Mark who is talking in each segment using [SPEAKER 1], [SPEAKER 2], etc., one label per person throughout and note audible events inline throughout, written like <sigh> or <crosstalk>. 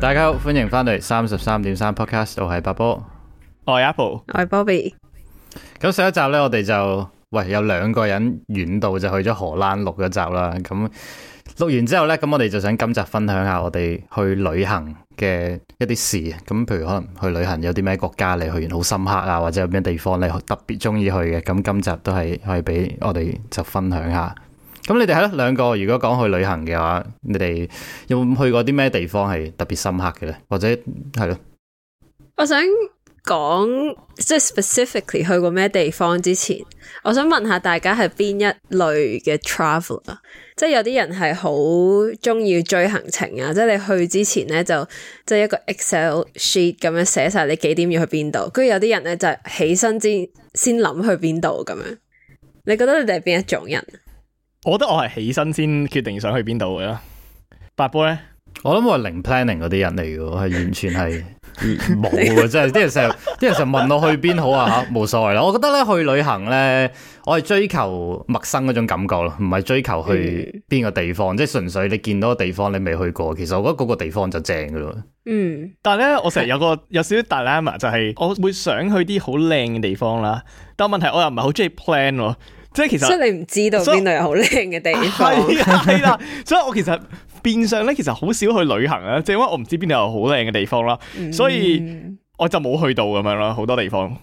[SPEAKER 1] 大家好，歡迎翻嚟三十三點三 podcast，我係白波，我係 'm Apple，我係 'm Bobby。咁上一集呢，我哋就喂有兩個人遠道就去咗荷蘭錄一集啦。咁錄完之後呢，咁我哋就想今集分享下我哋去旅行嘅一啲事。咁譬如可能去旅行有啲咩國家你去完好深刻啊，或者有咩地方你特別中意去嘅。咁今集都係可以俾我哋就分享下。咁你哋係咯，兩個如果講去旅行嘅話，你哋有冇去過啲咩地方係特別深刻嘅咧？或者係咯，
[SPEAKER 2] 我想講即係、就是、specifically 去過咩地方之前，我想問下大家係邊一類嘅 travel 啊？即係有啲人係好中意追行程啊，即係你去之前咧就即係、就是、一個 Excel sheet 咁樣寫晒你幾點要去邊度，跟住有啲人咧就係起身先先諗去邊度咁樣。
[SPEAKER 3] 你覺得你哋係邊一種人？我覺得我係起身先決定想去邊度嘅咯，
[SPEAKER 1] 八波咧，我諗我係零 planning 嗰啲人嚟嘅，係完全係冇嘅，即係啲人成日啲人成日問我去邊好啊吓，冇所謂啦。我覺得咧去旅行咧，我係追求陌生嗰種感覺咯，唔係追求去邊個地方，嗯、即係純粹你見到個地方你未去過，其實我覺得嗰個地方就正嘅咯。嗯，
[SPEAKER 3] 但係咧我成日有個有少少 dilemma，就係、是、我會想去啲好靚嘅地方啦，但係問題我又唔係好中意 plan 喎。即係其實，所以
[SPEAKER 2] 你唔知道邊度有好靚嘅地方係
[SPEAKER 3] 啦以， <laughs> 所以我其實變相咧，其實好少去旅行咧，即係因為我唔知邊度有好靚嘅地方啦，所以我就冇去到咁樣咯，好多地方。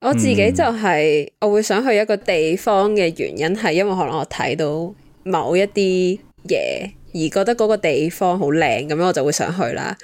[SPEAKER 2] 我自己就係、是、我會想去一個地方嘅原因係因為可能我睇到某一啲嘢而覺得嗰個地方好靚咁樣，我就會想去啦。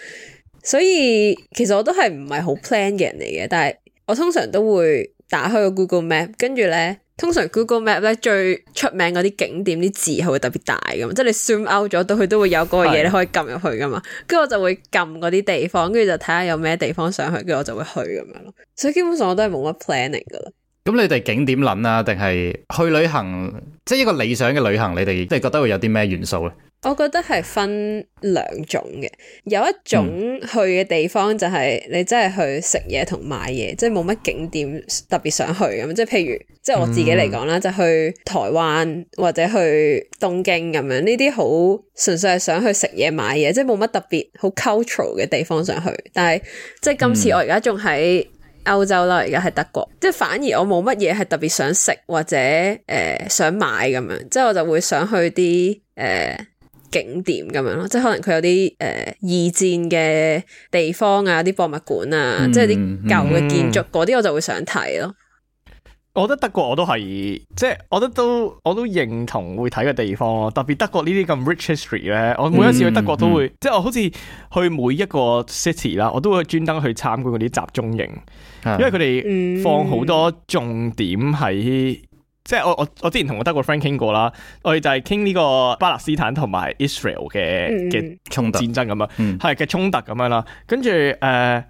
[SPEAKER 2] 所以其實我都係唔係好 plan 嘅人嚟嘅，但係我通常都會打開個 Google Map，跟住咧。通常 Google Map 咧，最出名嗰啲景點啲字係會特別大㗎嘛。即係你 zoom out 咗到，佢都會有嗰個嘢，你可以撳入去噶嘛，跟住是的 我就會撳嗰啲地方，跟住就睇下有咩地方想去，跟住我就
[SPEAKER 1] 會去咁樣咯。
[SPEAKER 2] 所以基本上我都係冇乜 planning 噶啦。
[SPEAKER 1] 咁你哋景點諗啊？定係去旅行，即係一個理想嘅旅行，你哋即係覺得會有啲咩元素咧？
[SPEAKER 2] 我覺得係分兩種嘅，有一種去嘅地方就係你真係去食嘢同買嘢，嗯、即係冇乜景點特別想去咁。即係譬如，即係我自己嚟講啦，嗯、就去台灣或者去東京咁樣，呢啲好純粹係想去食嘢買嘢，即係冇乜特別好 cultural 嘅地方想去。但係即係今次我而家仲喺。嗯歐洲啦，而家係德國，即係反而我冇乜嘢係特別想食或者誒、呃、想買咁樣，即係我就會想去啲誒、呃、景點咁樣咯，即係可能佢有啲誒二戰嘅地方啊，啲博物館啊，嗯、即係啲舊嘅建築嗰啲，我就會想睇咯。嗯嗯嗯
[SPEAKER 3] 我覺得德國我都係，即係我覺得都我都認同會睇嘅地方咯。特別德國呢啲咁 rich history 咧，我每一次去德國都會，嗯嗯、即係我好似去每一個 city 啦，我都會專登去參觀嗰啲集中營，因為佢哋放好多重點喺，嗯、即係我我我之前同我德國 friend 傾過啦，我哋就係傾呢個巴勒斯坦同埋 Israel 嘅嘅衝突，嗯、戰爭咁啊，係嘅衝突咁，嗯嗯、樣啦，跟住誒。呃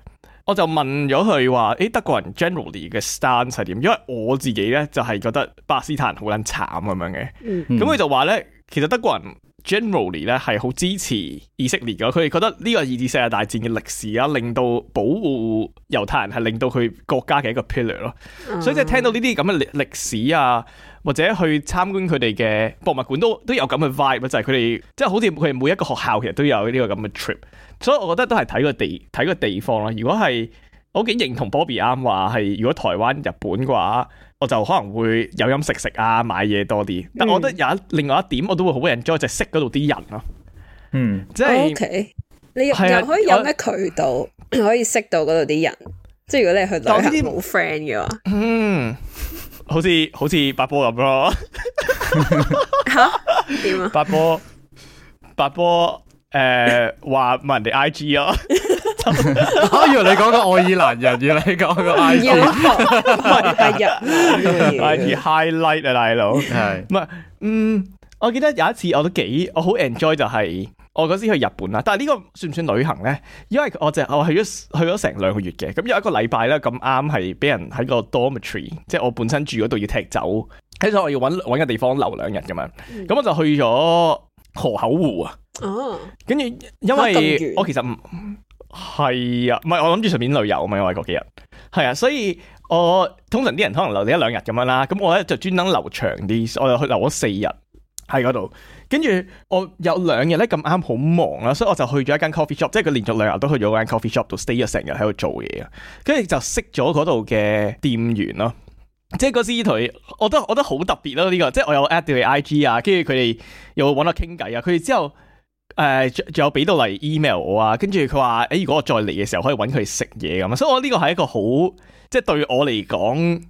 [SPEAKER 3] 我就問咗佢話誒德國人 generally 嘅 stance 係點，因為我自己咧就係、是、覺得巴斯坦好捻慘咁樣嘅，咁佢、嗯、就話咧，其實德國人。Generally 咧係好支持以色列㗎，佢哋覺得呢個二次世界大戰嘅歷史啊，令到保護猶太人係令到佢國家嘅一個 pillar 咯。Mm. 所以即係聽到呢啲咁嘅歷歷史啊，或者去參觀佢哋嘅博物館都都有咁嘅 vibe，就係佢哋即係好似佢哋每一個學校其實都有呢個咁嘅 trip。所以我覺得都係睇個地睇個地方咯啊。如果係我幾認同 Bobby 啱話係，如果台灣日本嘅話。我就可能會有飲食食啊，買嘢多啲。但我覺得有一、嗯、有一另外一點我、啊，我都會好 enjoy 就係識嗰度啲人咯。嗯，即
[SPEAKER 2] 係是、oh, okay. 你又、啊、可以有咩渠道可以識到嗰度啲人？即係我 <laughs> 如果你去講呢啲冇 friend 嘅話，嗯，
[SPEAKER 3] 好似好似八波咁咯。點、 <laughs> <laughs> <laughs> 呃、啊？八波八波，誒，話問人哋 I G 啊。我 <laughs> 以為你講個愛爾蘭人，原來你講個 I，唔係日，I T highlight 啊大佬！係，唔係，嗯，我記得有一次我都幾，我好 enjoy 就係我嗰時去日本啦，但係呢個算唔算旅行咧？因為我就我去咗去咗成兩個月嘅，咁有一個禮拜咧咁啱係俾人喺個 dormitory，即係我本身住嗰度要踢走，喺所我要搵搵個地方留兩日咁樣，咁我就去咗河口湖啊，哦，跟住因為我其實唔係啊，唔係我諗住順便旅遊啊嘛，外國嘅人，係啊，所以我通常啲人可能留你一兩日咁樣啦，咁我咧就專登留長啲，我就去留咗四日喺嗰度，跟住我有兩日咧咁啱好忙啦，所以我就去咗一間 coffee shop，即係佢連續兩日都去咗間 coffee shop 度 stay 咗成日喺度做嘢啊，跟住就識咗嗰度嘅店員咯，即係嗰啲佢，我都覺得好特別咯呢個，即係我有 add 佢 IG 啊，跟住佢哋又揾我傾偈啊，佢哋之後。誒，仲有俾到嚟 email 我啊，跟住佢話，誒、欸，如果我再嚟嘅時候，可以搵佢食嘢咁啊，所以我呢個係一個好，即係對我嚟講，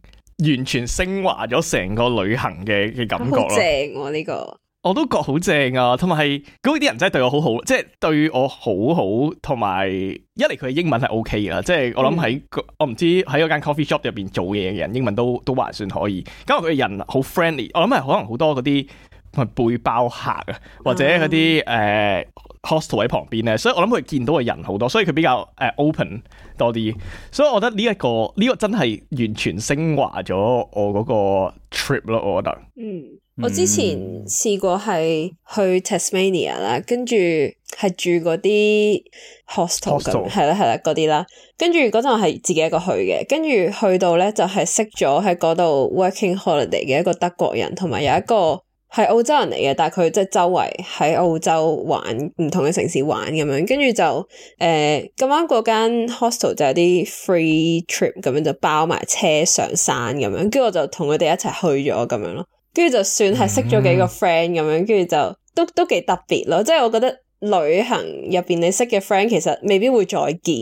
[SPEAKER 3] 完全升華咗成個旅行嘅嘅感覺咯。好正、
[SPEAKER 2] 啊，呢、這個
[SPEAKER 3] 我都覺好正啊，同埋，嗰啲人真係對我好好，即、就、係、是、對我好好，同埋一嚟佢嘅英文係 OK 噶，即係我諗喺、嗯、我唔知喺嗰間 coffee shop 入邊做嘢嘅人，英文都都還算可以。咁佢嘅人好 friendly，我諗係可能好多嗰啲。係背包客啊，或者嗰啲誒 hostel 喺旁邊咧，所以我諗佢見到嘅人好多，所以佢比較誒 open 多啲，所以我覺得呢、這、一個呢、這個真係完全昇華咗我嗰個 trip 咯，我覺得。嗯，
[SPEAKER 2] 我之前試過係去 Tasmania 啦，跟住係住嗰啲 hostel 咁，係啦係啦嗰啲啦，跟住嗰陣係自己一個去嘅，跟住去到咧就係、是、識咗喺嗰度 working holiday 嘅一個德國人，同埋有一個。係澳洲人嚟嘅，但係佢即係周圍喺澳洲玩唔同嘅城市玩咁樣、呃、咁樣，跟住就誒咁啱嗰間 hostel 就有啲 free trip 咁樣就包埋車上山咁樣，跟住我就同佢哋一齊去咗咁樣咯，跟住就算係識咗幾個 friend 咁樣，跟住就都都幾特別咯，即係我覺得旅行入邊你識嘅 friend 其實未必會再見，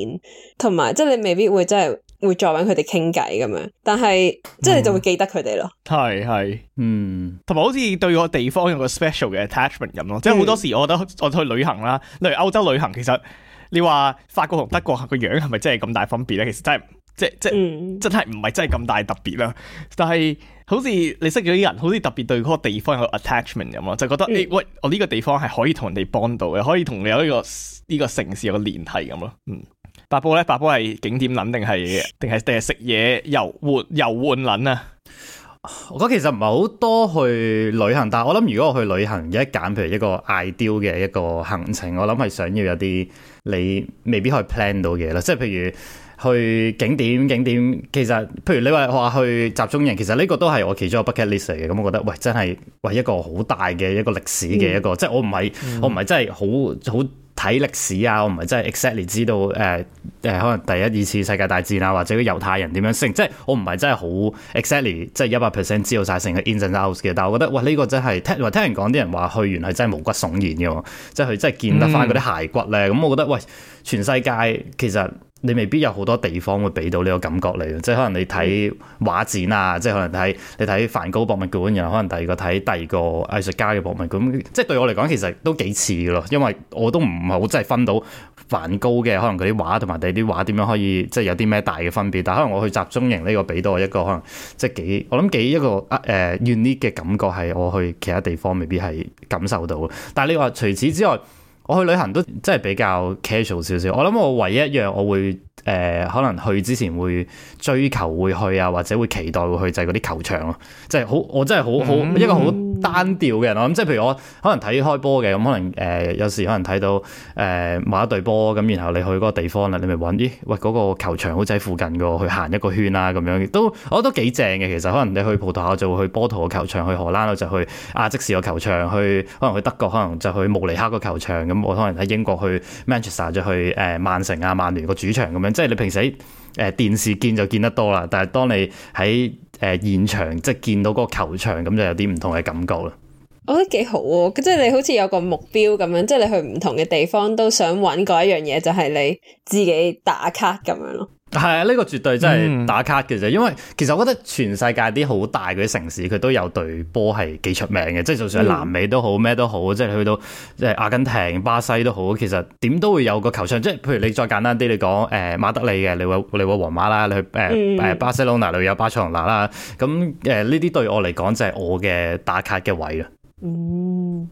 [SPEAKER 2] 同埋即係你未必會真係。會再搵佢哋傾偈咁樣，但係、嗯、即係你就會記得佢哋咯。
[SPEAKER 3] 係係，嗯，同埋好似對個地方有個 special 嘅 attachment 咁咯。嗯、即係好多時，我覺得我去旅行啦，例如歐洲旅行，其實你話法國同德國個樣係咪真係咁大分別呢？其實真係，即係、嗯、真係唔係真係咁大特別啦。但係好似你識咗啲人，好似特別對嗰個地方有個 attachment 咁咯，就覺得誒、嗯欸、喂，我呢個地方係可以同人哋 bond 到嘅，可以同你有一、這個呢、這個城市有個聯繫咁咯，嗯。八波咧，Bobby 係景點捻定係，
[SPEAKER 1] 定係定係食嘢游換游換捻啊？我覺得其實唔係好多去旅行，但係我諗如果我去旅行，有一揀，譬如一個 ideal 嘅一個行程，我諗係想要有啲你未必可以 plan 到嘅啦，即係譬如去景點景點。其實譬如你話話去集中營，其實呢個都係我其中一個 bucket list 嚟嘅。咁我覺得，喂，真係喂一個好大嘅一個歷史嘅一個，嗯、即係我唔係、嗯、我唔係真係好好。睇歷史啊，我唔係真係 exactly 知道誒誒、呃，可能第一次世界大戰啊，或者猶太人點樣升，即係我唔係真係好 exactly 即係一百 percent 知道晒成個 inside out 嘅。但係我，這個嗯嗯、我覺得，喂呢個真係聽話聽人講啲人話去完係真係毛骨悚然嘅，即係佢真係見得翻嗰啲骸骨咧。咁我覺得，喂全世界其實。你未必有好多地方會俾到呢個感覺嚟嘅，即係可能你睇畫展啊，即係可能睇你睇梵高博物館，然後可能第二個睇第二個藝術家嘅博物館，即係對我嚟講其實都幾似咯，因為我都唔係好真係分到梵高嘅可能嗰啲畫同埋第二啲畫點樣可以即係有啲咩大嘅分別，但係可能我去集中營呢個俾到我一個可能即係幾我諗幾一個誒、uh, uh, unique 嘅感覺係我去其他地方未必係感受到，但係你話除此之外。我去旅行都真係比較 casual 少少，我諗我唯一一樣我會。誒可能去之前會追求會去啊，或者會期待會去就係嗰啲球場咯、啊，即係好我真係好好一個好單調嘅人，即係譬如我可能睇開波嘅咁，可能誒、呃、有時可能睇到誒、呃、某一隊波咁，然後你去嗰個地方啦，你咪揾，咦，喂嗰、那個球場好似喺附近㗎，去行一個圈啊咁樣，都我覺得幾正嘅其實，可能你去葡萄牙就會去波圖嘅球場，去荷蘭就去亞積士嘅球場，去可能去德國可能就去慕尼黑個球場咁，我可能喺英國去 Manchester 就去誒曼城啊、曼聯個主場咁樣。即係你平時喺誒、呃、電視見就見得多啦，但係當你喺誒、呃、現場即係見到嗰個球場咁就有啲唔同嘅感覺啦。
[SPEAKER 2] 我覺得幾好喎、啊，即係你好似有個目標咁樣，即係你去唔同嘅地方都想揾嗰一樣嘢，就係、是、你自己打卡咁樣咯。
[SPEAKER 1] 係啊，呢、這個絕對真係打卡嘅啫，嗯、因為其實我覺得全世界啲好大嘅城市，佢都有隊波係幾出名嘅，即係就算係南美都好，咩都好，即係去到即係阿根廷、巴西都好，其實點都會有個球場，即係譬如你再簡單啲你講，誒、呃、馬德里嘅，你會你會皇馬啦，你去誒誒巴塞隆拿度有巴塞隆拿啦，咁誒呢啲對我嚟講就係我嘅打卡嘅位啦。嗯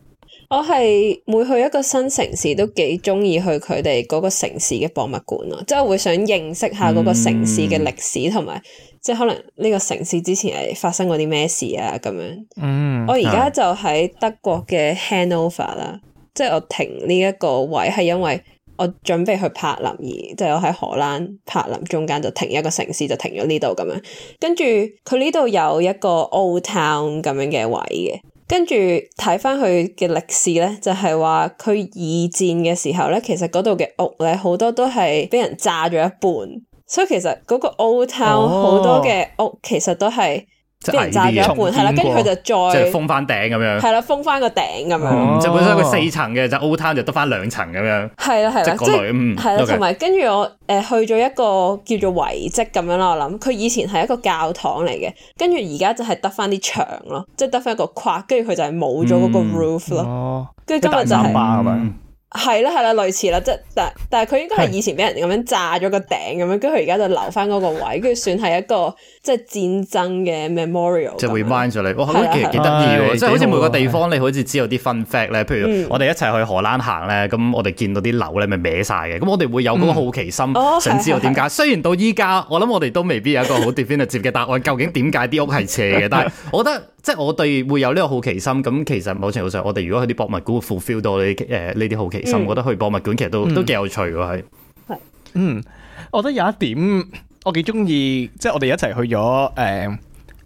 [SPEAKER 2] 我係每去一個新城市都幾中意去佢哋嗰個城市嘅博物館咯，即係會想認識下嗰個城市嘅歷史，同埋、嗯、即係可能呢個城市之前係發生過啲咩事啊咁樣。嗯，我而家就喺德國嘅 Hanover 啦，即係、嗯、我停呢一個位係因為我準備去柏林而即係我喺荷蘭柏林中間就停一個城市就停咗呢度咁樣，跟住佢呢度有一個 Old Town 咁樣嘅位嘅。跟住睇翻佢嘅歷史咧，就係話佢二戰嘅時候咧，其實嗰度嘅屋咧好多都係俾人炸咗一半，所以，so，其實嗰個 Old Town 好多嘅屋其實都係。即係炸咗一半係啦，跟住佢就再就封翻
[SPEAKER 1] 頂咁樣，係啦
[SPEAKER 2] 封翻個頂咁樣。哦、就本身佢四層
[SPEAKER 1] 嘅，就是、old town 就得翻兩層咁樣。係啦係啦，即係係啦，同埋
[SPEAKER 2] 跟住我誒、呃、去咗一個叫做遺跡咁樣啦。我諗佢以前係一個教堂嚟嘅，跟住而家就係得翻啲牆咯，即係得翻一個框，跟住佢就係冇咗嗰個 roof 咯。跟住、嗯哦、今日就係、是。係啦係啦，類似啦，即係但但係佢應該係以前俾人咁樣炸咗個頂咁樣，跟住佢而家就留翻嗰個位，跟住算係一個即係戰爭嘅 memorial。
[SPEAKER 1] 即係 remind 咗你，我覺得，其實幾得意,即係好似每個地方，你好似知道啲 fun fact 咧，譬如我哋一齊去荷蘭行咧,咁我哋見到啲樓咧，咪歪晒，嘅，咁我哋會有嗰個好奇心想知道點解？雖然到依家我諗我哋都未必有一個好 definitive 嘅答案，究竟點解啲屋係斜嘅？但係我覺得即係我哋會有呢個好奇心，咁其實某程度上我哋如果去啲博物館會 fulfill 到呢啲好奇心。其實我覺得去博物館其實都都幾、嗯、有趣嘅係，
[SPEAKER 3] 係，嗯，我覺得有一點我幾中意，即係我哋一齊去咗誒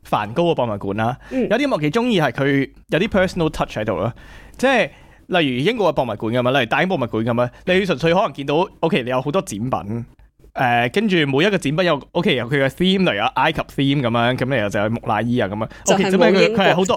[SPEAKER 3] 梵高嘅博物館啦、嗯，有啲我幾中意係佢有啲 personal touch 喺度啦，即係例如英國嘅博物館咁啊，例如大英博物館咁啊，你純粹可能見到、嗯、，OK，你有好多展品，誒、呃，跟住每一個展品有，OK，有佢嘅 theme，例如有埃及 theme 咁樣，咁你又就有木乃伊啊咁啊，OK，咁樣佢係好多。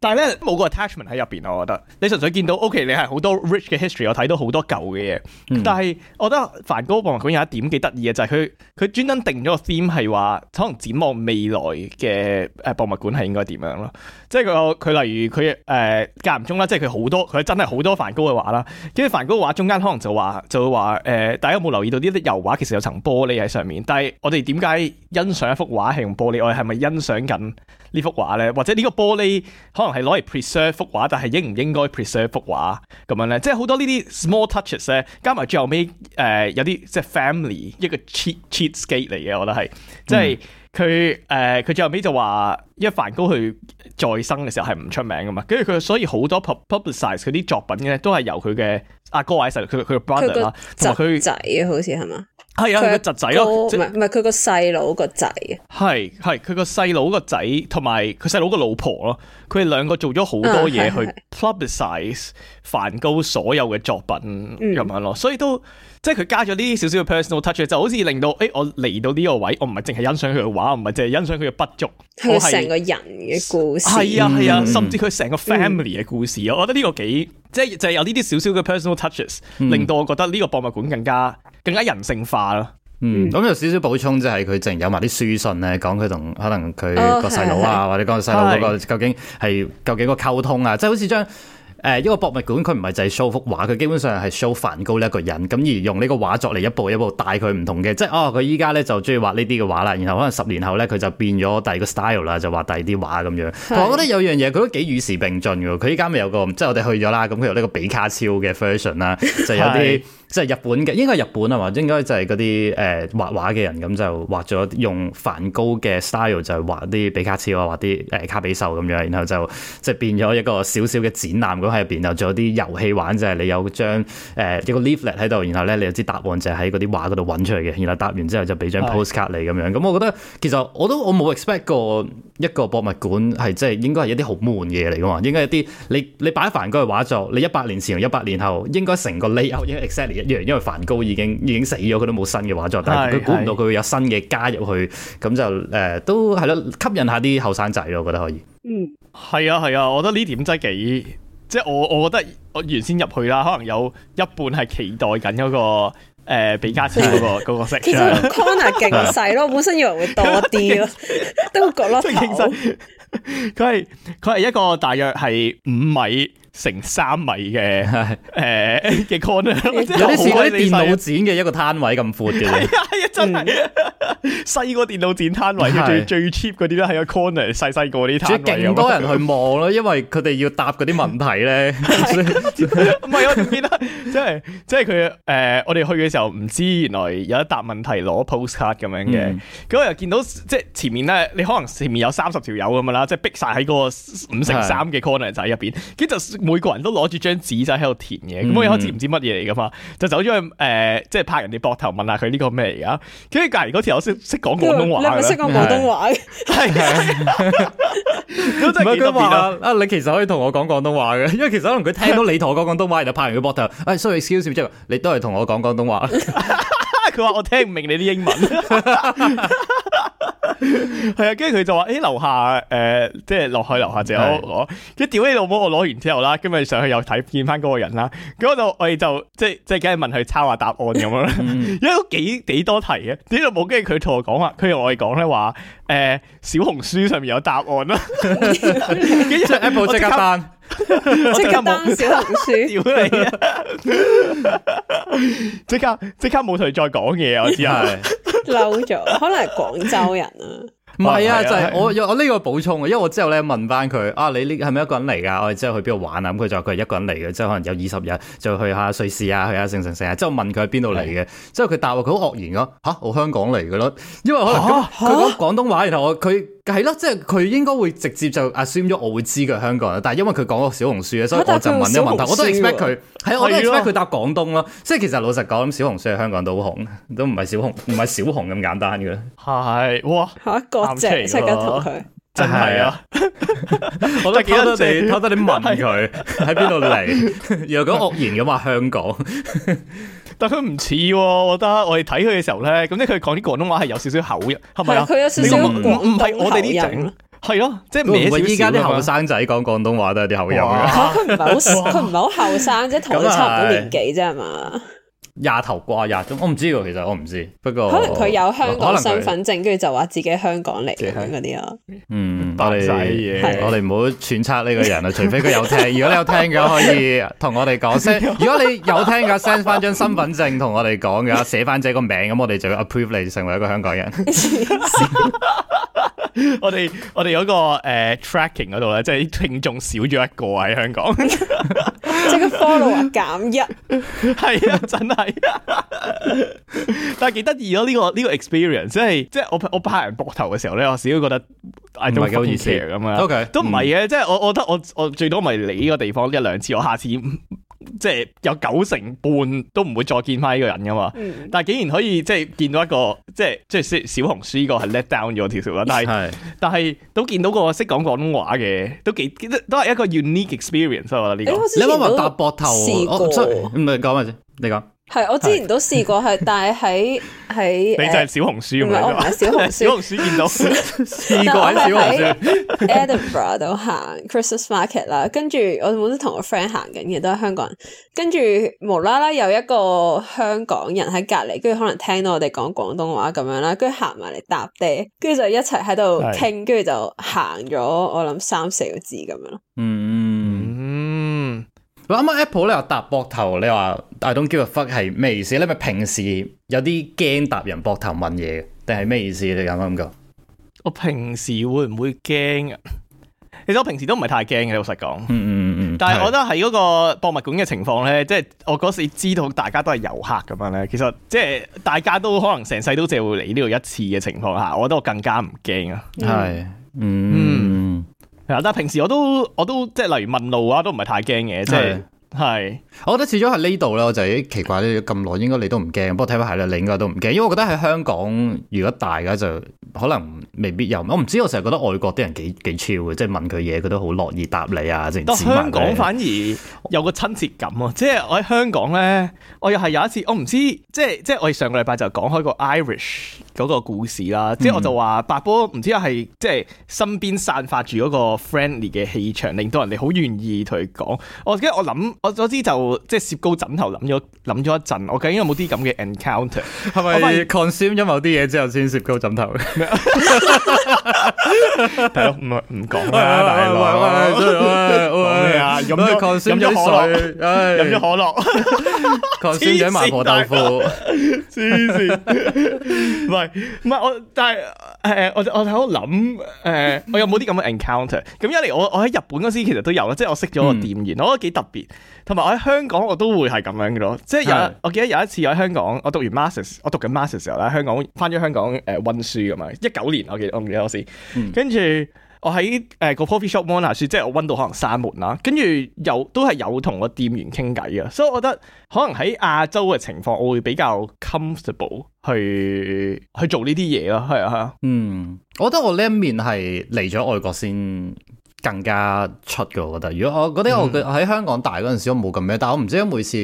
[SPEAKER 3] 但係咧冇個 attachment 喺入邊，我覺得你純粹見到，OK，你係好多 rich 嘅 history，我睇到好多舊嘅嘢。嗯、但係我覺得梵高博物館有一點幾得意嘅就係佢佢專登定咗個 theme 係話，可能展望未來嘅誒博物館係應該點樣咯、就是呃？即係個佢例如佢誒間唔中啦，即係佢好多佢真係好多梵高嘅畫啦。跟住梵高畫中間可能就話就會話誒、呃，大家有冇留意到呢啲油畫其實有層玻璃喺上面。但係我哋點解欣賞一幅畫係用玻璃？我哋係咪欣賞緊？呢幅畫咧，或者呢個玻璃可能係攞嚟 preserve 幅畫，但係應唔應該 preserve 幅畫咁樣咧？即係好多呢啲 small touches 咧，加埋最後尾誒、呃、有啲即係 family 一個 cheat cheat skate 嚟嘅，我覺得係，即係佢誒佢最後尾就話，因為梵高佢在生嘅時候係唔出名㗎嘛，跟住佢所以好多 publicize 佢啲作品咧，都係由佢嘅阿哥或者佢佢嘅 brother 啦，同佢
[SPEAKER 2] 仔好似係嘛？係 <noise> 啊，佢個侄仔咯，唔係佢個細佬個仔。
[SPEAKER 3] 係係佢個細佬個仔，同埋佢細佬個老婆咯，佢哋兩個做咗好多嘢去 publicize 梵高所有嘅作品咁樣咯，啊、所以都。即係佢加咗呢啲少少嘅 personal touch，就好似令到，誒、欸，我嚟到呢個位，我唔係淨係欣賞佢嘅畫，唔係淨係欣賞佢嘅筆觸。佢成個
[SPEAKER 2] 人嘅故
[SPEAKER 3] 事，係啊係啊，甚至佢成個 family 嘅、嗯、故事啊，我覺得呢個幾，即係就係有呢啲少少嘅 personal touch，令到我覺得呢個博物館更加
[SPEAKER 1] 更加人性化咯。嗯，咁、嗯、有少少補充，即係佢仲有埋啲書信咧，講佢同可能佢個細佬啊，哦、或者講細佬嗰個究竟係究竟個溝通啊，即、就、係、是、好似將。誒一個博物館，佢唔係就係 show 幅畫，佢基本上係 show 梵高呢一個人，咁而用呢個畫作嚟一步一步帶佢唔同嘅，即係哦佢依家咧就中意畫呢啲嘅畫啦，然後可能十年後咧佢就變咗第二個 style 啦，就畫第二啲畫咁樣。是我覺得有樣嘢佢都幾與時並進嘅，佢依家咪有個即係我哋去咗啦，咁佢有呢個比卡超嘅 version 啦，就有啲是。即係日本嘅，應該係日本啊，或者應該就係嗰啲誒畫畫嘅人咁就畫咗用梵高嘅 style，就係畫啲比卡超啊，畫啲誒、呃、卡比獸咁樣，然後就即係、就是、變咗一個小小嘅展覽咁喺入邊，又做仲啲遊戲玩，就係、是、你有張誒、呃、一個 leaflet 喺度，然後咧你有支答案就喺嗰啲畫嗰度揾出嚟嘅，然後答完之後就俾張 postcard 你咁樣。咁的我覺得其實我都我冇 expect 過一個博物館係即係應該係一啲好悶嘅嘢嚟嘅嘛，應該一啲你你擺梵高嘅畫作，你一百年前一百年後應該成個 layout 已經 exactly。 <laughs> 因因為梵高已經已經死咗，佢都冇新嘅畫作，但係佢估唔到佢會有新嘅加入去，咁是是 就誒都係咯，吸引下啲後生仔咯，我覺得可以。嗯，
[SPEAKER 3] 係啊，係啊，我覺得呢點真係幾，即係我我覺得我原先入去啦，可能有一半係期待緊、嗰、嗰個誒畢、呃、加索嗰、嗰個嗰色。那個、 <laughs> 其實 corner
[SPEAKER 2] 勁細咯，本身以為會多啲咯， <laughs> 都覺得。佢係
[SPEAKER 3] 佢係一個大約係五米。成乘三米嘅，誒嘅 <laughs> 的 corner，有時嗰啲電腦展嘅一個攤位咁闊嘅，係一真細個電腦展攤位最， <laughs> 最最 cheap 嗰啲咧係個 corner 細細個啲攤位，即勁多人去望咯， <laughs> 因為佢哋要答嗰啲問題咧，唔係我見得，即係即係佢誒，我哋去嘅時候唔知原來有一答問題攞 postcard 咁樣嘅，咁、嗯、我又見到即係前面咧，你可能前面有三十條友咁啦，即係逼晒喺嗰個五乘三嘅 corner 仔入邊，佢就。每個人都攞住張紙仔喺度填嘢，咁佢開始唔知乜嘢嚟㗎嘛，就走咗去誒、呃，即係拍人哋膊頭問下佢呢個咩嚟啊？跟住隔離
[SPEAKER 1] 嗰條友識識講廣東話，你係咪識講廣東話嘅？係真係啊！你其實可以同我講廣東話嘅，因為其實可能佢聽到你同我講廣，廣東話，就 <laughs> 拍人嘅膊頭。哎 sorry，excuse me 即係你都係同我講廣東話。佢話我聽唔明你啲英
[SPEAKER 3] 文， <laughs> <laughs> 係、欸、啊，跟住佢就話誒樓下誒、呃，即係落去樓下就有攞。跟住屌你老母，我攞完之後啦，今日上去又睇見翻嗰個人啦，咁我就我哋就即係即係，梗係問佢抄下答案咁樣啦， <laughs> <laughs> 因為都幾幾多題嘅，點到冇，跟住佢同我講話，佢同我哋講咧話，誒、呃，小紅書上面有答案啦，跟住上 Apple 即刻翻。 <laughs> 即
[SPEAKER 1] 刻冇
[SPEAKER 2] 小紅書，
[SPEAKER 3] 屌你！ <laughs> 即刻即刻冇同佢再講嘢，我知係，
[SPEAKER 2] 漏咗 <laughs> 可能係廣州人
[SPEAKER 1] 啊。唔係啊，就係、是、我我呢個補充啊，因為我之後咧問翻佢啊，你呢係咪一個人嚟噶？我哋之後去邊度玩啊？咁佢就話佢係一個人嚟嘅，之、就、係、是、可能有二十日就去下瑞士啊，去下成成成啊。之係我問佢喺邊度嚟嘅，之後佢的答話佢好愕然咯。吓、啊，我香港嚟嘅咯，因為佢講廣東話，然後佢。係咯，即係佢應該會直接就 assume 咗我會知佢係香港人，但係因為佢講個小紅書咧，所以我就問呢個問題，我都 expect 佢，係 <music> 我都 expect 佢答廣東啦。即係對了 其實老實講，咁小紅書喺香港都好紅，都唔係小紅唔係小紅咁簡單嘅。係、 <laughs> 啊、哇
[SPEAKER 2] 吓，國藉即刻同佢，
[SPEAKER 1] 真係啊！ <laughs> 我都覺得你，偷得你問佢喺邊度嚟，又咁愕然咁話
[SPEAKER 3] 香港。 <laughs> 但佢唔似喎，我覺得我哋睇佢嘅時候咧，咁即係佢講啲廣東
[SPEAKER 1] 話係有少少口音，係咪啊？佢有少少唔唔
[SPEAKER 2] 係我哋啲人。
[SPEAKER 3] 係咯，即
[SPEAKER 2] 係咪
[SPEAKER 1] 依家啲後生仔講廣東話都有啲口音？佢唔係好，
[SPEAKER 2] 佢唔係好後生啫，即係同我差唔多年紀
[SPEAKER 1] 啫嘛。啊廿頭掛廿鐘，我唔知噶，其實我唔知。不過可能佢有香港身份
[SPEAKER 2] 證，跟住就話自己香港嚟，嘅。嗰啲啊，嗯，
[SPEAKER 1] 白你嘢，是我哋唔好揣測呢個人啊。除非佢有聽，如果你有聽嘅，可以同我哋講聲。如果你有聽嘅，send 翻張身份證同我哋講嘅，寫翻自己個名，咁我哋就會 approve 你成為一個香港人。 <laughs> 神經病笑我哋我哋嗰、那個誒 tracking
[SPEAKER 3] 嗰度咧，即係聽眾少咗一個喺香港，
[SPEAKER 2] 即 <laughs> 係個 follow 減一，
[SPEAKER 3] 係 <laughs> 啊，真係。 <laughs> 但係幾得意咯呢個呢個 experience，即係即係我我拍人膊頭嘅時候咧，我始終覺得唔係咁易 share 咁啊，哎嗯、都唔係嘅，即係我我覺得我我最多咪嚟呢個地方一兩次，我下次即係有九成半都唔會再見翻呢個人噶嘛。但係竟然可以即係見到一個即係即係小小紅書呢個係 let down 咗條條啦，但係是但係都見到個識講廣東話嘅，都幾都係一個 unique experience 我覺得呢、這個你有冇話搭膊頭？我唔
[SPEAKER 1] 係講乜先，你講。
[SPEAKER 2] 係，我之前都試過係，但係喺喺你就係小紅
[SPEAKER 1] 書咁樣我係小紅書， <laughs> 小紅書見到試過喺小紅書 <laughs> Edinburgh 度
[SPEAKER 2] 行 Christmas Market 啦，跟住我冇得同個 friend 行緊嘅都係香港人，跟住無啦啦有一個香港人喺隔籬，跟住可能聽到我哋講廣東話咁樣啦，跟住行埋嚟搭嗲，跟住就一齊喺度傾，跟住是就行咗我諗三四個字咁樣咯，嗯。
[SPEAKER 1] 我啱啱 Apple 咧又搭膊頭，你話 I don't give a fuck 係咩意思？你咪平時有啲驚搭人膊頭問嘢定係咩意思？你咁諗噶？
[SPEAKER 3] 我平時會唔會驚？其實我平時都唔係太驚嘅，老實講。
[SPEAKER 1] 嗯嗯嗯嗯。但係我覺得喺
[SPEAKER 3] 嗰個博物館嘅情況咧，是即係我嗰時知道大家都係遊客咁樣咧，其實即係大家都可能成世都只會嚟呢度一次嘅情況下，我覺得我更加唔驚啊。係、嗯，
[SPEAKER 1] 嗯。嗯。
[SPEAKER 3] 係啊，但係平時我都我都即係例如問路啊，都唔係太驚嘅，即係是。係、就是。
[SPEAKER 1] 我覺得始終喺呢度咯，我就啲奇怪啲咁耐，應該你都唔驚。不過睇翻係咧，你應該都唔驚，因為我覺得喺香港如果大家就可能未必有。我唔知，我成日覺得外國啲人幾幾超嘅，ill, 即係問佢嘢佢都好樂意答你啊。即係。香港反而有個親切感啊！ <laughs> 即係我喺香
[SPEAKER 3] 港咧，我又係有一次，我唔知即係即係我哋上個禮拜就講開個 Irish 嗰個故事啦。嗯。即係我就話白波唔知係即係身邊散發住嗰個 friendly 嘅氣場，令到人哋好願意同佢講。我跟住我諗，我知我知就。即係攝高枕頭諗咗諗咗一陣，我究竟有冇啲咁嘅 encounter？係咪 consume 咗某啲嘢之後先攝高枕頭？大佬唔唔講啦，大佬講咩啊？飲咗水飲咗可樂，飲咗可樂，consume 咗麻婆豆腐。黐線，唔係唔係我，但係誒誒，我我喺度諗誒，我有冇啲咁嘅 encounter？咁一嚟，我我喺日本嗰時其實都有啦，即係我識咗個店員，我覺得幾特別，同埋我喺香。香港我都會係咁樣嘅咯，即係有是我記得有一次喺香港，我讀完 master，我讀緊 master 時候咧，香港翻咗香港誒溫、呃、書咁啊，一九年我記得、嗯、我唔記得嗰時，跟、呃、住我喺誒個 coffee shop m 溫下書，即係我溫到可能閂門啦、啊，跟住有都係有同個店員傾偈嘅，所以我覺得可能喺亞洲嘅情況，我會比較 comfortable 去去做
[SPEAKER 1] 呢啲嘢咯，係啊係啊，嗯，我覺得我呢一面係嚟咗外國先。更加出嘅，我覺得。如果我覺得我喺香港大嗰陣時，嗯、我冇咁咩。但係我唔知點解每次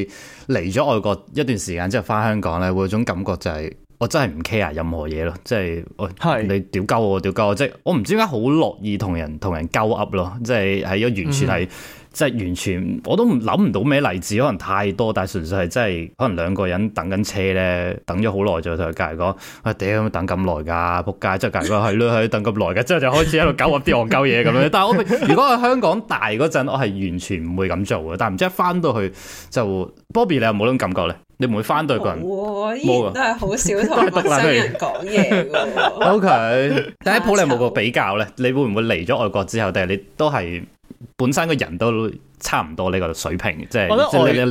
[SPEAKER 1] 嚟咗外國一段時間之後翻香港咧，會有種感覺就係我真係唔 care 任何嘢咯。即係我你屌鳩我屌鳩我，即係我唔、就是、知點解好樂意同人同人鳩噏咯。即係喺一段時間即係完全我都諗唔到咩例子，可能太多，但係純粹係真係可能兩個人等緊車咧，等咗好耐咗，同佢隔籬講，哇，屌，等咁耐噶，仆街！即係隔籬係咯，係 <laughs> 等咁耐嘅，之後就開始喺度搞我啲戇鳩嘢咁樣。但係我如果喺香港大嗰陣，我係完全唔會咁做嘅。但係唔知一翻到去就 <laughs> ，Bobby 你有冇呢種感覺咧？你唔會翻到去個
[SPEAKER 2] 人冇、啊、都係好少同陌生人
[SPEAKER 1] 講嘢。O K，但係普你冇個比較咧，你會唔會嚟咗外國之後，定係你都係？本身個人都差唔多呢個水平，即係我，我，我覺得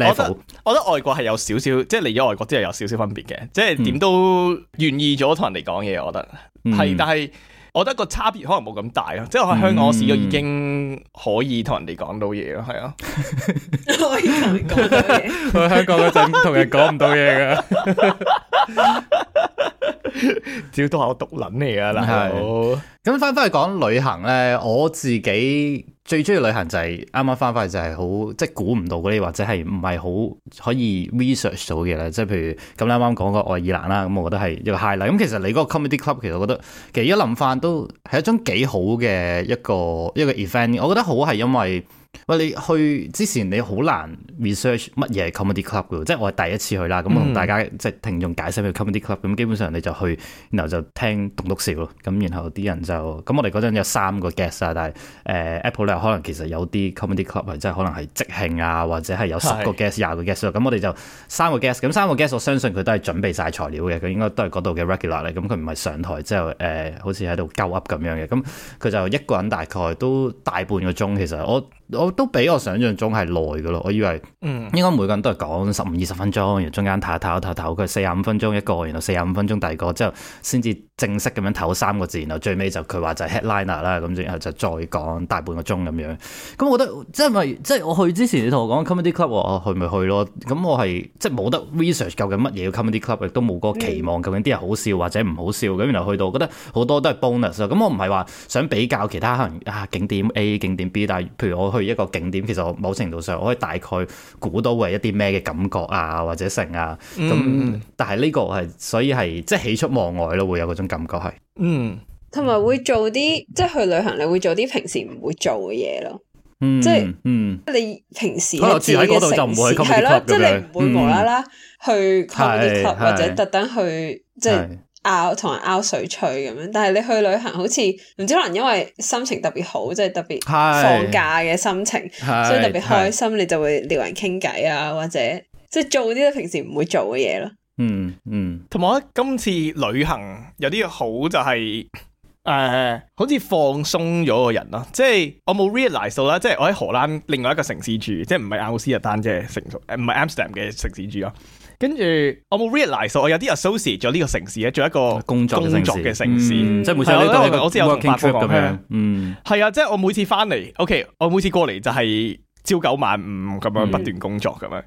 [SPEAKER 1] 外國係有少少，即係嚟咗外國之後有少少分別嘅，即係點都願意咗同人哋
[SPEAKER 3] 講嘢。我覺得係，但係我覺得個差別可能冇咁大咯。嗯、即係我喺香港試過已經可以同人哋講到嘢咯，係啊。同
[SPEAKER 1] 人講嘢我喺 <laughs> 香港嗰陣同人講唔到嘢噶，主要都係我獨撚嚟噶啦。係咁翻翻去講旅行咧，cheese, 我自己。最中意旅行就係啱啱翻翻嚟，就係好，即係估唔到嗰啲，或者係唔係好可以 research 到嘅咧，即係譬如咁啱啱講個愛爾蘭啦，咁我覺得係要 high 啦。咁其實你嗰個 comedy club 其實我覺得，其實一諗翻都係一種幾好嘅一個一個 event，我覺得好係因為。喂，你去之前你好難 research 乜嘢 comedy club 噶，即係我係第一次去啦。咁同大家、嗯、即係聽眾解釋咩 comedy club，咁基本上你就去，然後就聽棟篤笑咯。咁然後啲人就，咁我哋嗰陣有三個 guest 啊，但係誒 Apple 咧可能其實有啲 comedy club 係即係可能係即興啊，或者係有十個 guest 是、廿個 guest 咁我哋就三個 guest，咁三個 guest，我相信佢都係準備晒材料嘅，佢應該都係嗰度嘅 regular 咁佢唔係上台之後，誒、呃，好似喺度鳩 Up 咁樣嘅。咁佢就一個人大概都大半個鐘，其實我。我都比我想象中係耐嘅咯，我以為應該每個人都係講十五二十分鐘，然後中間唞唞唞唞，佢四廿五分鐘一個，然後四廿五分鐘第二個之後，先至正式咁樣唞三個字，然後，然後最尾就佢話就 headliner 啦，咁然後就再講大半個鐘咁樣。咁我覺得即係咪即係我去之前你同我講 comedy club，我去咪去咯。咁我係即係冇得 research 究竟乜嘢叫 comedy club，亦都冇個期望究竟啲人好笑或者唔好笑，咁然後去到我覺得好多都係 bonus。咁我唔係話想比較其他可能啊景點 A 景點 B，但係譬如我去。一個景點，其實我某程度上我可以大概估到會係一啲咩嘅感覺啊或者成啊，咁、嗯、但係呢個係所以係即係喜出望外咯，會有嗰種感覺係、嗯。
[SPEAKER 2] 嗯，同埋會做啲即係去旅行你會做啲平時唔會做嘅嘢咯。嗯，即係嗯，你平時我住喺嗰度就唔會去 club 嘅，即係你唔會無啦啦去去 club 或者特登去即係。拗同人拗水吹咁樣，但係你去旅行好似唔知可能因為心情特別好，即係特別放假嘅心情，是所以特別開心，是你就會撩人傾偈啊，或者即係做啲平時唔會做嘅嘢咯。嗯
[SPEAKER 3] 嗯，同埋我今次旅行有啲好就係、是、誒、呃，好似放鬆咗個人咯，即係我冇 realize 到啦，即係我喺荷蘭另外一個城市住，即係唔係阿姆斯特丹嘅城，唔係 Amsterdam 嘅城市住咯。跟住我冇 realize 我有啲 associate 咗呢個城市咧，做一個工作工作嘅城市，即係每次個、啊、個我都有同發哥講咩？嗯，係啊，嗯、即係我每次翻嚟，OK，我每次過嚟就係朝九晚五咁樣不斷工作咁樣。嗯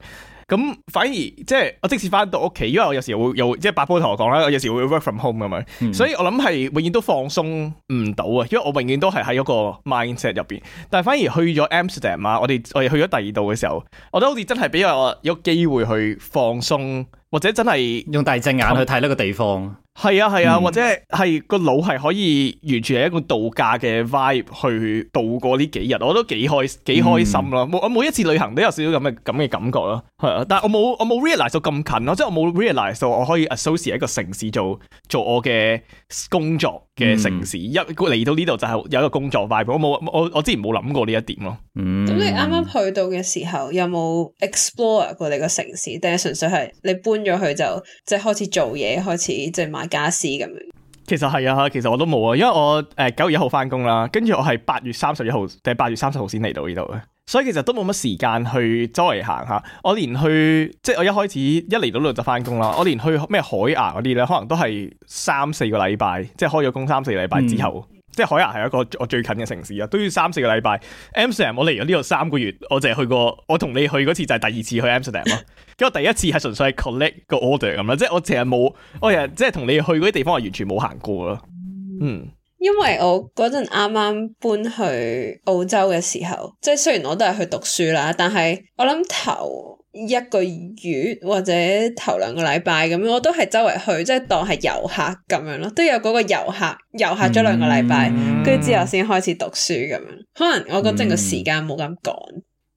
[SPEAKER 3] 咁反而即係我即使翻到屋企，因為我有時會又即係八婆同我講啦，我有時會 work from home 咁樣，所以我諗係永遠都放鬆唔到啊！因為我永遠都係喺一個 mindset 入邊，但係反而去咗 Amsterdam 啊，我哋我哋去咗第二度嘅時候，我覺得好似真係俾我有機會
[SPEAKER 1] 去放鬆，或者真係用大隻眼去睇呢個地方。
[SPEAKER 3] 係啊係啊，啊嗯、或者係個腦係可以完全係一個度假嘅 vibe 去度過呢幾日，我都幾開幾開心咯。嗯、我每一次旅行都有少少咁嘅咁嘅感覺咯，係啊。但係我冇我冇 realize 到咁近咯，即、就、係、是、我冇 realize 到我可以 associate 一個城市做做我嘅工作嘅城市，嗯、一嚟到呢度就係有一個工作 vibe。我冇我我之前冇諗過呢一點咯。咁、嗯、你啱
[SPEAKER 2] 啱去到嘅時候有冇 explore 過你個城市，定係純粹係你搬咗去就即係開始做嘢，開始即係買？家
[SPEAKER 3] 其實係啊，其實我都冇啊，因為我誒九月一號翻工啦，跟住我係八月三十一號定係八月三十號先嚟到呢度嘅，所以其實都冇乜時間去周圍行吓，我連去即係我一開始一嚟到呢度就翻工啦，我連去咩海牙嗰啲咧，可能都係三四個禮拜，即係開咗工三四禮拜之後。嗯即係海牙係一個我最近嘅城市啊，都要三四個禮拜。阿姆斯特丹，我嚟咗呢度三個月，我淨係去過，我同你去嗰次就係第二次去阿姆斯特丹咯。結果我第一次係純粹係 collect 個 order 咁啦，即係我成日冇，我日即係同你去嗰啲地方係完全冇行過咯。嗯，
[SPEAKER 2] 因為我嗰陣啱啱搬去澳洲嘅時候，即係雖然我都係去讀書啦，但係我諗頭。一個月或者頭兩個禮拜咁樣，我都係周圍去，即係當係遊客咁樣咯，都有嗰個遊客遊客咗兩個禮拜，跟住、嗯、之後先開始讀書咁樣。可能我覺得整個時間冇咁趕。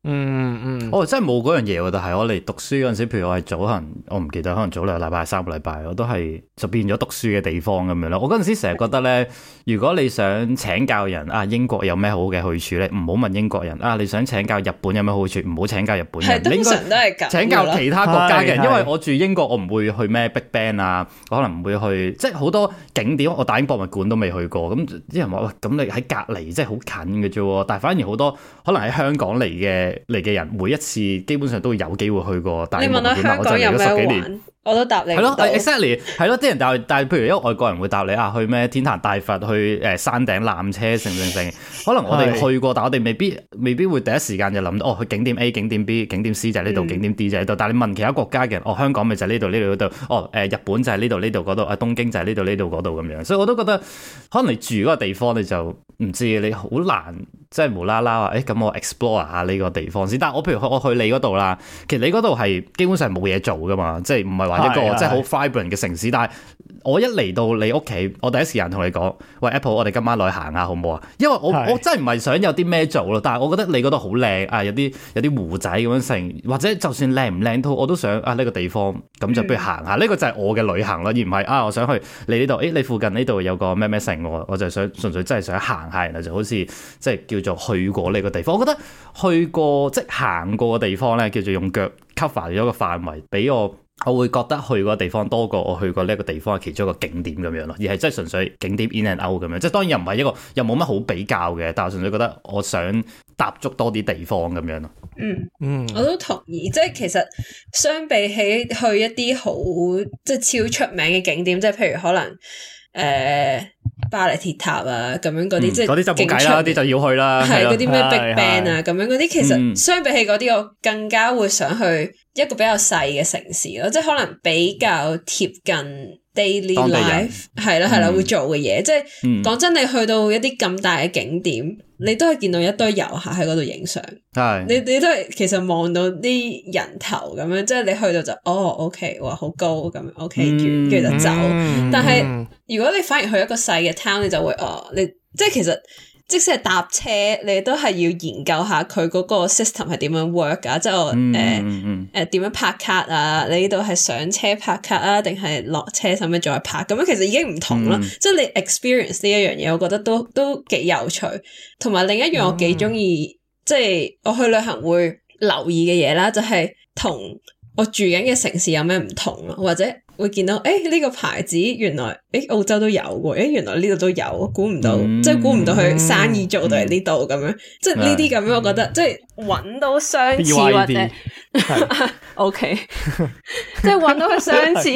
[SPEAKER 1] 嗯嗯，我、嗯哦、真係冇嗰樣嘢喎。但係我嚟讀書嗰陣時，譬如我係早，可能我唔記得，可能早兩個禮拜、三個禮拜，我都係就變咗讀書嘅地方咁樣咯。我嗰陣時成日覺得咧，的如果你想請教人啊，英國有咩好嘅去處咧，唔好問英國人啊。你想請教日本有咩好處，唔好請教日本人。係通常都係
[SPEAKER 2] 教。請教其他國家嘅人，的因為
[SPEAKER 1] 我住英國，我唔會去咩 Big Ben 啊，我可能唔會去，即係好多景點，我大英博物館都未去過。咁啲人話喂，咁你喺隔籬，即係好近嘅啫。但係反而好多可能喺香港嚟嘅。嚟嘅人每一次基本上都會有機會去過大。但你問下香港有咩玩，
[SPEAKER 2] 我都答你。係咯，exactly
[SPEAKER 1] 係咯。啲人但係但係，譬如有外國人會答你啊，去咩天壇大佛，去誒山頂纜車，成成成。可能我哋去過， <laughs> 的但我哋未必未必會第一時間就諗到。哦，去景點 A、景點 B、景點 C 就係呢度，景點 D 就喺度。嗯、但係你問其他國家嘅，人：「哦，香港咪就係呢度呢度嗰度。哦，誒，日本就係呢度呢度嗰度。啊，東京就係呢度呢度嗰度咁樣。所以我都覺得，可能你住嗰個地方你就。唔知你好難，即係無啦啦話，誒、欸、咁我 explore 下呢個地方先。但係我譬如去我去你嗰度啦，其實你嗰度係基本上冇嘢做㗎嘛，即係唔係話一個是的 即係好 vibrant 嘅城市。但係我一嚟到你屋企，我第一時間同你講，喂 Apple，我哋今晚落去行下好唔好啊？因為我是的 我真係唔係想有啲咩做咯，但係我覺得你嗰度好靚啊，有啲有啲湖仔咁樣城，或者就算靚唔靚都，我都想啊呢、這個地方咁就不如行下。呢、嗯、個就係我嘅旅行咯，而唔係啊我想去你呢度，誒、欸、你附近呢度有個咩咩城我，我就想純粹真係想行。係，然後就好似即係叫做去過呢個地方。我覺得去過即係行過嘅地方咧，叫做用腳 cover 咗個範圍，俾我我會覺得去過地方多過我去過呢個地方嘅其中一個景點咁樣咯。而係即係純粹景點 in and out 咁樣。即係當然又唔係一個又冇乜好比較嘅，但係純粹覺得我想踏足多啲地方咁樣咯。嗯
[SPEAKER 2] 嗯，我都同意。即係其實相比起去一啲好即係超出名嘅景點，即係譬如可能誒。呃巴黎鐵塔啊，咁樣嗰啲、嗯、即係是，嗰啲就冇計，嗰啲
[SPEAKER 1] 就要去啦。係嗰啲咩 Big Ben 啊，
[SPEAKER 2] 咁的樣嗰啲的，其實相比起嗰啲，嗯、我更加會想去一個比較細嘅城市咯，嗯、即係可能比較貼近。Daily life 係啦，係啦，嗯、會做嘅嘢，即係講、嗯、真，你去到一啲咁大嘅景點，你都係見到一堆遊客喺嗰度影相。係是你，你都係其實望到啲人頭咁樣，即係你去到就哦，OK，哇，好高咁樣，OK 完、嗯，跟住就走。嗯、但係如果你反而去一個細嘅 town，你就會哦，你即係其實。即使係搭車，你都係要研究下佢嗰個 system 係點樣 work 噶，即係我誒誒點樣拍卡啊？你呢度係上車拍卡啊，定係落車使咁再拍？咁樣，其實已經唔同啦。Mm hmm. 即係你 experience 呢一樣嘢，我覺得都都幾有趣。同埋另一樣我幾中意，即係、mm hmm. 我去旅行會留意嘅嘢啦，就係、是、同我住緊嘅城市有咩唔同咯，或者。會見到誒呢個牌子原來誒澳洲都有嘅，誒原來呢度都有，估唔到即係估唔到佢生意做到嚟呢度咁樣，即係呢啲咁樣，我覺得即係搵到相似或者，OK，即係搵到佢相似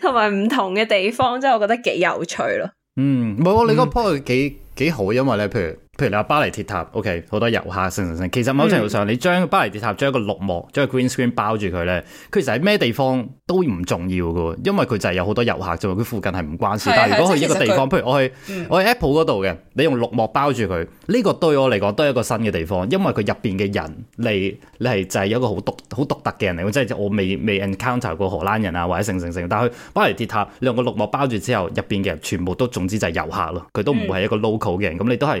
[SPEAKER 2] 同埋唔同嘅地方，即係我覺得幾有趣咯。
[SPEAKER 1] 嗯，唔係你嗰個 point 幾幾好，因為咧，譬如。譬如你話巴黎鐵塔，OK，好多遊客，成成成。其實某程度上，你將巴黎鐵塔將一個綠幕將個 green screen 包住佢咧，佢其實喺咩地方都唔重要嘅，因為佢就係有好多遊客啫嘛。佢附近係唔關事。但係如果去一個地方，譬如我去我去 Apple 嗰度嘅，你用綠幕包住佢，呢個對我嚟講都係一個新嘅地方，因為佢入邊嘅人嚟你係就係一個好獨好獨特嘅人嚟，即係我未未 encounter 過荷蘭人啊或者成成成。但係去巴黎鐵塔，你用個綠幕包住之後，入邊嘅人全部都總之就係遊客咯，佢都唔會係一個 local 嘅人，咁你都係。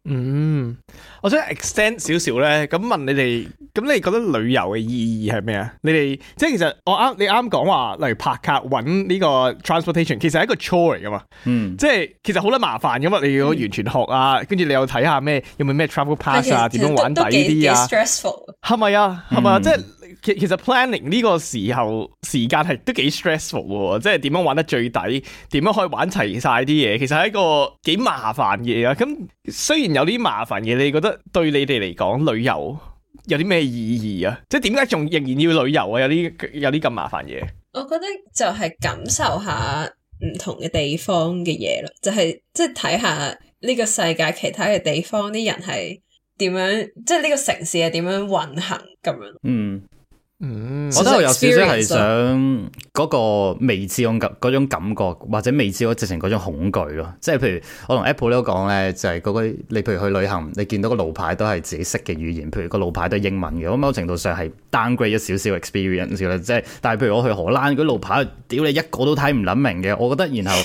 [SPEAKER 3] 嗯，我想 extend 少少咧，咁問你哋，咁你哋覺得旅遊嘅意義係咩啊？你哋即係其實我啱你啱講話，例如拍卡搵呢個 transportation，其實係一個 chore 嚟噶嘛。嗯，即係其實好得麻煩，因為你要完全學啊，跟住你又睇下咩，有冇咩 travel pass 啊，點樣玩抵啲啊？s、嗯、stressful 係咪啊？係咪啊？即係其其實 planning 呢個時候時間係都幾 stressful，即係點樣玩得最抵，點樣可以玩齊晒啲嘢，其實係一個幾麻煩嘅嘢啊。咁雖然。有啲麻煩嘢，你覺得對你哋嚟講旅遊有啲咩意義啊？即係點解仲仍然要旅遊啊？有啲有啲咁麻煩嘢。
[SPEAKER 2] 我覺得就係感受下唔同嘅地方嘅嘢咯，就係即係睇下呢個世界其他嘅地方啲人係點樣，即係呢個城市係點樣運行咁樣。
[SPEAKER 1] 嗯。嗯，我都有少少係想嗰個未知嗰感嗰種感覺，或者未知我直情嗰種恐懼咯。即係譬如我同 Apple 都講咧，就係嗰個，你譬如去旅行，你見到個路牌都係自己識嘅語言，譬如個路牌都係英文嘅。咁某程度上係 downgrade 一少少 experience 嘅。即係但係譬如我去荷蘭，嗰路牌屌你一個都睇唔諗明嘅。我覺得然後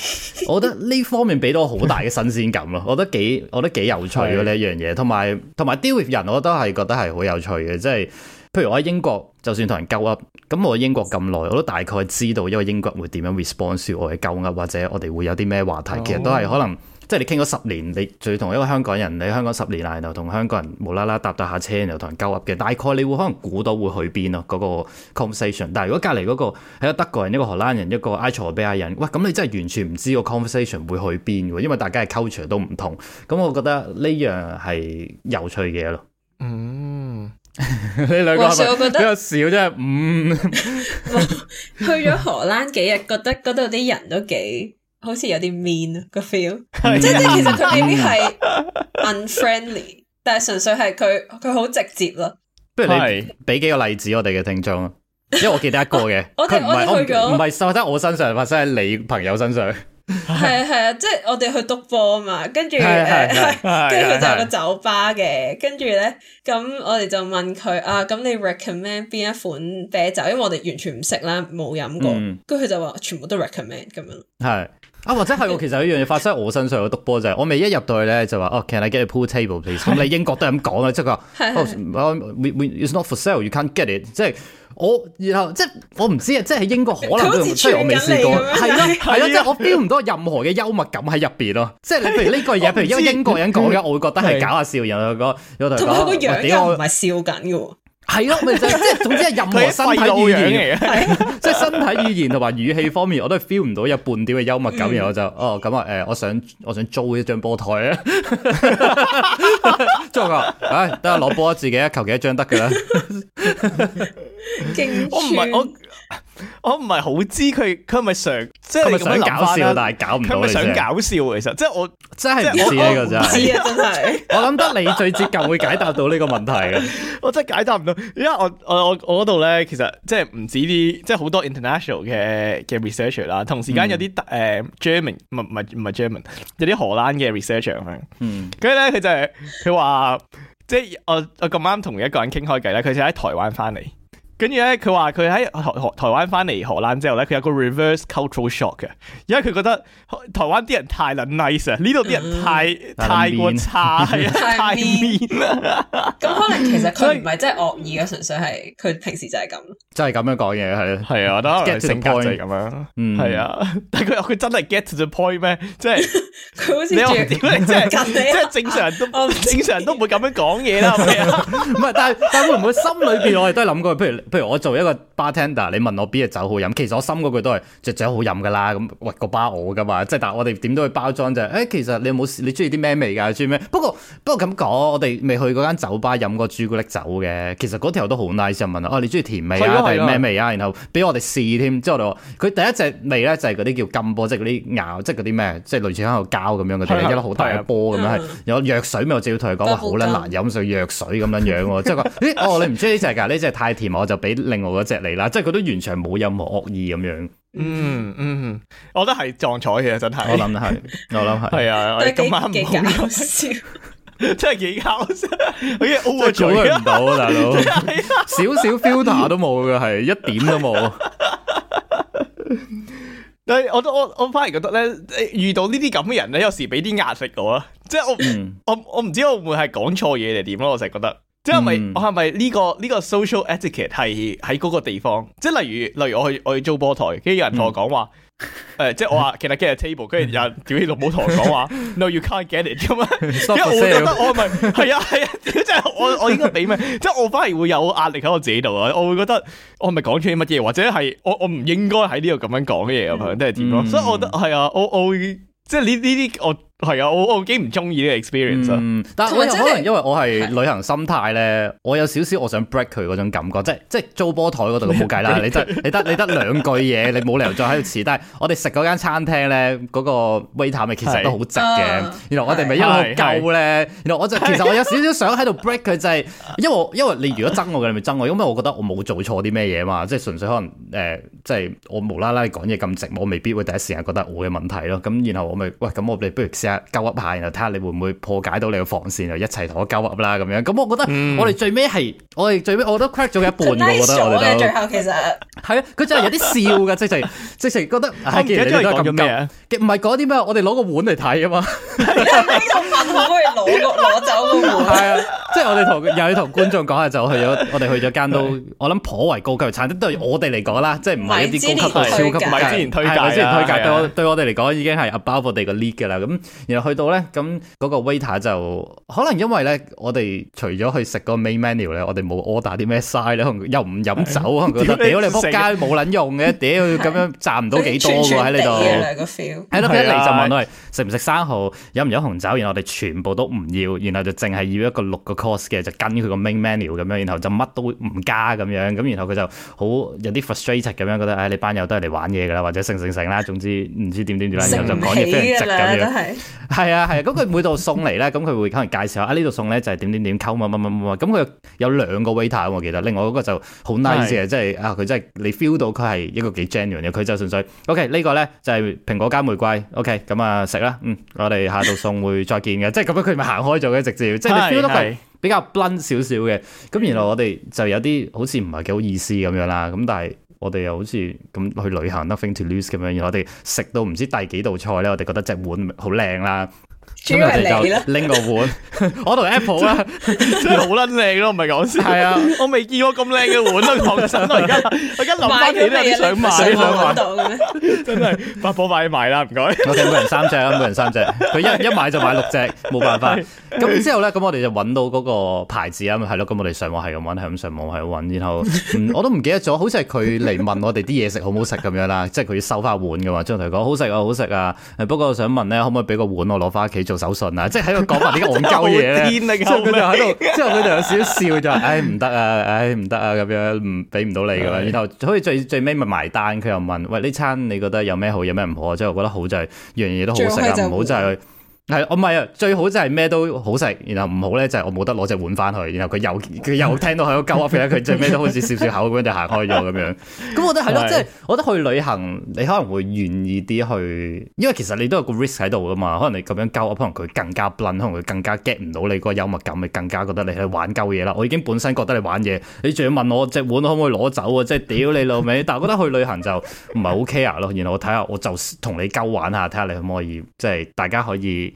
[SPEAKER 1] 我覺得呢方面俾到好大嘅新鮮感咯。 <laughs> 我覺得幾我覺得幾有趣咯呢一樣嘢，同埋同埋 deal with 人，我都係覺得係好有趣嘅，即係。譬如我喺英國，就算同人鳩噏，咁我喺英國咁耐，我都大概知道因為英國會點樣 respond 住我嘅鳩噏，或者我哋會有啲咩話題。其實都係可能，即係你傾咗十年，你仲同一個香港人，你喺香港十年啊，然後同香港人無啦啦搭搭下車，然後同人鳩噏嘅，大概你會可能估到會去邊咯，嗰個 conversation。但係如果隔離嗰個係個德國人、一個荷蘭人、一個埃塞俄比亞人，哇！咁你真係完全唔知個 conversation 會去邊喎，因為大家嘅 culture 都唔同。咁我覺得呢樣係有趣嘅嘢咯。嗯。呢兩 <laughs> 個係咪比較少啫？唔，嗯、 <laughs> <laughs> 去
[SPEAKER 2] 咗荷蘭幾日，覺得嗰度啲人都幾，好似有啲 mean 個 feel， <laughs> 即係即係其實佢未必係 unfriendly， <laughs> 但係純粹係佢佢好直接咯。
[SPEAKER 1] 不如你俾幾個例子我哋嘅聽眾，因為我記得一個嘅，佢唔係咗，唔係發生喺我身上，發生喺你朋友身上。
[SPEAKER 2] 係啊，係啊，即係我哋去督波啊嘛，跟住誒，跟住佢就有個酒吧嘅，跟住咧咁我哋就問佢啊，咁你 recommend 邊一款啤酒？因為我哋完全唔識啦，冇飲過，跟住佢就話全部都 recommend 咁樣。
[SPEAKER 1] 係啊、嗯，或者係我其實有一樣嘢，發生喺我身上，我督波就係、是、我未一入到去咧就話哦、oh，can I get a pool table please？咁 <laughs> 你英國都係咁講啊，即係佢話哦、oh, it's not for sale，you can't get it，即係。我然後即係我唔知啊，即喺英國可能，雖然我未試過，係咯係咯，即係我 feel 唔到任何嘅幽默感喺入邊咯。即係你譬如呢個，譬如因為英國人講嘅，我會覺得係搞下笑，人。我個，然後同埋個樣唔係笑緊嘅。係咯，咪就即係總之係任何身體語言，即係身體語言同埋語氣方面，我都係 feel 唔到有半點嘅幽默感。然後就哦，咁啊，誒，我想我想租一張波台啊，租啊！唉，得啊攞波自己，求其一張得㗎啦。
[SPEAKER 3] 我唔係我我唔係好知佢佢係咪想即係佢想搞笑但係搞唔到。佢係咪想搞笑？其實即係我，即我真係唔知呢啊！我真係我諗得你最接近會解答到呢個問題嘅，我真係解答唔到，因為我我我嗰度咧，其實即係唔止啲，即係好多 international 嘅嘅 researcher 啦。同時間有啲誒 German 唔唔唔 German，有啲荷蘭嘅 researcher 咁樣。嗯，咁咧佢就係佢話即係我我咁啱同一個人傾開偈咧，佢就喺台灣翻嚟。跟住咧，佢話佢喺台台灣翻嚟荷蘭之後咧，佢有個 reverse cultural shock 嘅，因為佢覺得台灣啲人太撚 nice 啊，呢度啲人太太過差太 mean，咁可能
[SPEAKER 2] 其實佢唔係真係惡意嘅，純粹係佢平時就係咁，
[SPEAKER 1] 真係咁樣講嘢係係啊，我覺得性格就係咁
[SPEAKER 3] 啦，嗯，係啊，但係佢佢真係 get to the point 咩？即係佢好似即係你，即係正常都正常都唔會咁樣講嘢啦，唔係，
[SPEAKER 1] 唔係，但係但會唔會心裏邊我哋都係諗過，譬如。譬如我做一個。bartender 你問我邊隻酒好飲，其實我心嗰句都係隻酒好飲噶啦，咁喂個巴我噶嘛，即係但我哋點都會包裝啫。誒、就是欸，其實你有冇你中意啲咩味㗎？中意咩？不過不過咁講，我哋未去嗰間酒吧飲過朱古力酒嘅。其實嗰條都好 nice。問啊，你中意甜味啊定咩、啊、味啊？然後俾我哋試添。之、啊、後我哋話佢第一隻味咧就係嗰啲叫金波，即係嗰啲咬，即係嗰啲咩，即係類似香口膠咁樣嘅，啊、一粒好大嘅波咁樣，啊啊、有藥水味。我照要同佢講話好撚難飲，所藥水咁樣樣喎。即係話哦，你唔中意呢隻㗎，呢 <laughs> 隻太甜，我就俾另外嗰隻。嚟啦，即係佢都完全冇任何惡意咁樣嗯。
[SPEAKER 3] 嗯嗯，我覺得係撞彩嘅真係。我諗
[SPEAKER 1] 係，我諗係。係啊，我
[SPEAKER 3] 哋今晚唔好搞笑，真係幾搞笑。我嘅嘴啊，阻佢唔到
[SPEAKER 1] 啊，大佬。少少 filter 都冇嘅，係一點都冇。但
[SPEAKER 3] 係，我都我我反而覺得咧，遇到呢啲咁嘅人咧，有時俾啲壓力我啊，即係我我我唔知我會唔會係講錯嘢定點咯，我成日覺得。即係咪我係咪呢個呢、這個 social etiquette 係喺嗰個地方？即係例如例如我去我去租波台，跟住有人同我講話，誒、嗯呃，即係我話 Can I get a table，有有跟住人屌起老母同我講話 <laughs> ，No，you can't get it 咁啊！因 <laughs> 為我覺得我係咪係啊係啊，啊，啊？即係我我應該俾咩？即係我反而會有壓力喺我自己度啊！我會覺得我係咪講出啲乜嘢，或者係我我唔應該喺呢度咁樣講嘅嘢咁樣，真係點咯？所以我覺得係啊，我我即係呢呢啲我。係啊，我
[SPEAKER 1] 我幾唔中意呢個 experience
[SPEAKER 3] 啊、嗯。但係可能
[SPEAKER 1] 因為我係旅行心態咧，的我有少少我想 break 佢嗰種感覺，的即係即係租波台嗰度冇計啦， <laughs> 你得你得你得兩句嘢，你冇理由再喺度遲。但係我哋食嗰間餐廳咧，嗰、那個 waiter 咪其實都好直嘅。原的後我哋咪一路溝咧。的然後我就其實我有少少，少想喺度 break 佢、就是，就係的因為因為你如果憎我嘅，你咪憎我，因為我覺得我冇做錯啲咩嘢嘛。即係純粹可能誒，即、呃、係、就是、我無啦啦講嘢咁直，我未必會第一時間覺得我嘅問題咯。咁然，然後我咪喂，咁我哋不如。夠噏下，然後睇下你會唔會破解到你個防線，就一齊同我夠噏啦咁樣。咁我覺得我哋最尾係我哋最尾，我都 crack 咗一半喎。我覺得我哋最後其實係啊，佢真係有啲笑嘅，直情直情覺得唉，而家做緊叫咩，唔係講啲咩，我哋攞個碗嚟睇啊嘛。問可唔可以
[SPEAKER 2] 攞個攞走個碗？
[SPEAKER 1] 係啊，即係我哋同又要同觀眾講下，就去咗我哋去咗間都我諗頗為高級餐，即係對我哋嚟講啦，即係唔係一啲高級到超級？米芝蓮推介，米芝蓮推介對我對我哋嚟講已經係 above 我哋個 league 嘅啦。咁然後去到咧，咁嗰個 waiter 就可能因為咧，我哋除咗去食個 main menu 咧，我哋冇 order 啲咩 size 咧，又唔飲酒，可能佢話：屌你撲街、啊，冇撚用嘅，屌咁樣賺唔到幾多嘅喺呢度。係
[SPEAKER 2] 咯、啊，一嚟就問
[SPEAKER 1] 我係食唔食生蠔，飲唔飲紅酒，然後我哋全部都唔要，然後就淨係要一個六個 course 嘅，就跟佢個 main menu 咁樣，然後就乜都唔加咁樣，咁然後佢就好有啲 frustrated 咁樣，覺得、哎、你班友都係嚟玩嘢㗎啦，或者成成成啦，總之唔知點點點啦，然後就講嘢非常直咁樣。係啊係啊，咁佢、啊啊、每度送嚟咧，咁佢會可能會介紹下，啊呢度送咧就係點點點溝嘛，溝乜乜乜乜咁。佢有兩個 waiter，我記得，另外嗰個就好 nice 嘅是，即係啊佢真係你 feel 到佢係一個幾 genuine 嘅，佢就純粹。OK 個呢個咧就係、是、蘋果加玫瑰。OK 咁啊食啦，嗯，我哋下度送會再見嘅， <laughs> 即係咁樣佢咪行開咗嘅，直接，是是即係你 feel 到佢比較 blunt 少少嘅。咁原來我哋就有啲好似唔係幾好意思咁樣啦，咁但係。我哋又好似咁去旅行，nothing to lose 咁樣，我哋食到唔知第幾道菜咧，我哋覺得隻碗好靚啦。主要係拎個碗， <laughs> 我同 Apple 咧 <laughs> 真係好撚靚咯，唔係講笑。係啊， <laughs> <laughs>
[SPEAKER 3] 我未見過咁靚嘅碗咯，我一諗
[SPEAKER 1] 翻起都想買，想買 <laughs> 真係八婆買埋啦，唔該。我哋、okay, 每人三隻啊， <laughs> 每人三隻。佢一一買就買六隻，冇辦法。咁 <laughs> 之後咧，咁我哋就揾到嗰個牌子啊，咪係咯。咁我哋上網係咁揾，係咁上網係咁揾。然後、嗯、我都唔記得咗，好似係佢嚟問我哋啲嘢食好唔好食咁樣啦。即係佢要收翻碗㗎嘛。張同學講好食啊，好食啊。不過、啊、想問咧，可唔可以俾個碗我攞翻屋企做？手信啊， <laughs> 即係喺度講埋啲戇鳩嘢咧，之 <laughs> 後佢 <laughs> 就喺度，之後佢就有少少笑就話， <laughs> 唉唔得啊，唉唔得啊咁樣，唔俾唔到你咁樣，的然後好似最最尾咪埋單，佢又問，喂，呢餐你覺得有咩好，好，有咩唔好啊？即係我覺得好就係、是、樣樣嘢都好食啊，唔好就係、是。係我唔係啊，最好就係咩都好食，然後唔好咧就係、是、我冇得攞隻碗翻去，然後佢又佢又聽到喺度鳩我，佢最尾都好似笑笑口咁就行開咗咁樣。咁 <laughs> 我覺得係咯，即係我覺得去旅行你可能會願意啲去，因為其實你都有個 risk 喺度噶嘛。可能你咁樣鳩，可能佢更加 run 可能佢更加 get 唔到你個幽默感，你更加覺得你係玩鳩嘢啦。我已經本身覺得你玩嘢，你仲要問我隻碗可唔可以攞走啊？即係屌你老味！ <laughs> <laughs> 但係我覺得去旅行就唔係 ok 啊咯。然後我睇下，我就同你鳩玩下，睇下你可唔可以，即係大家可以。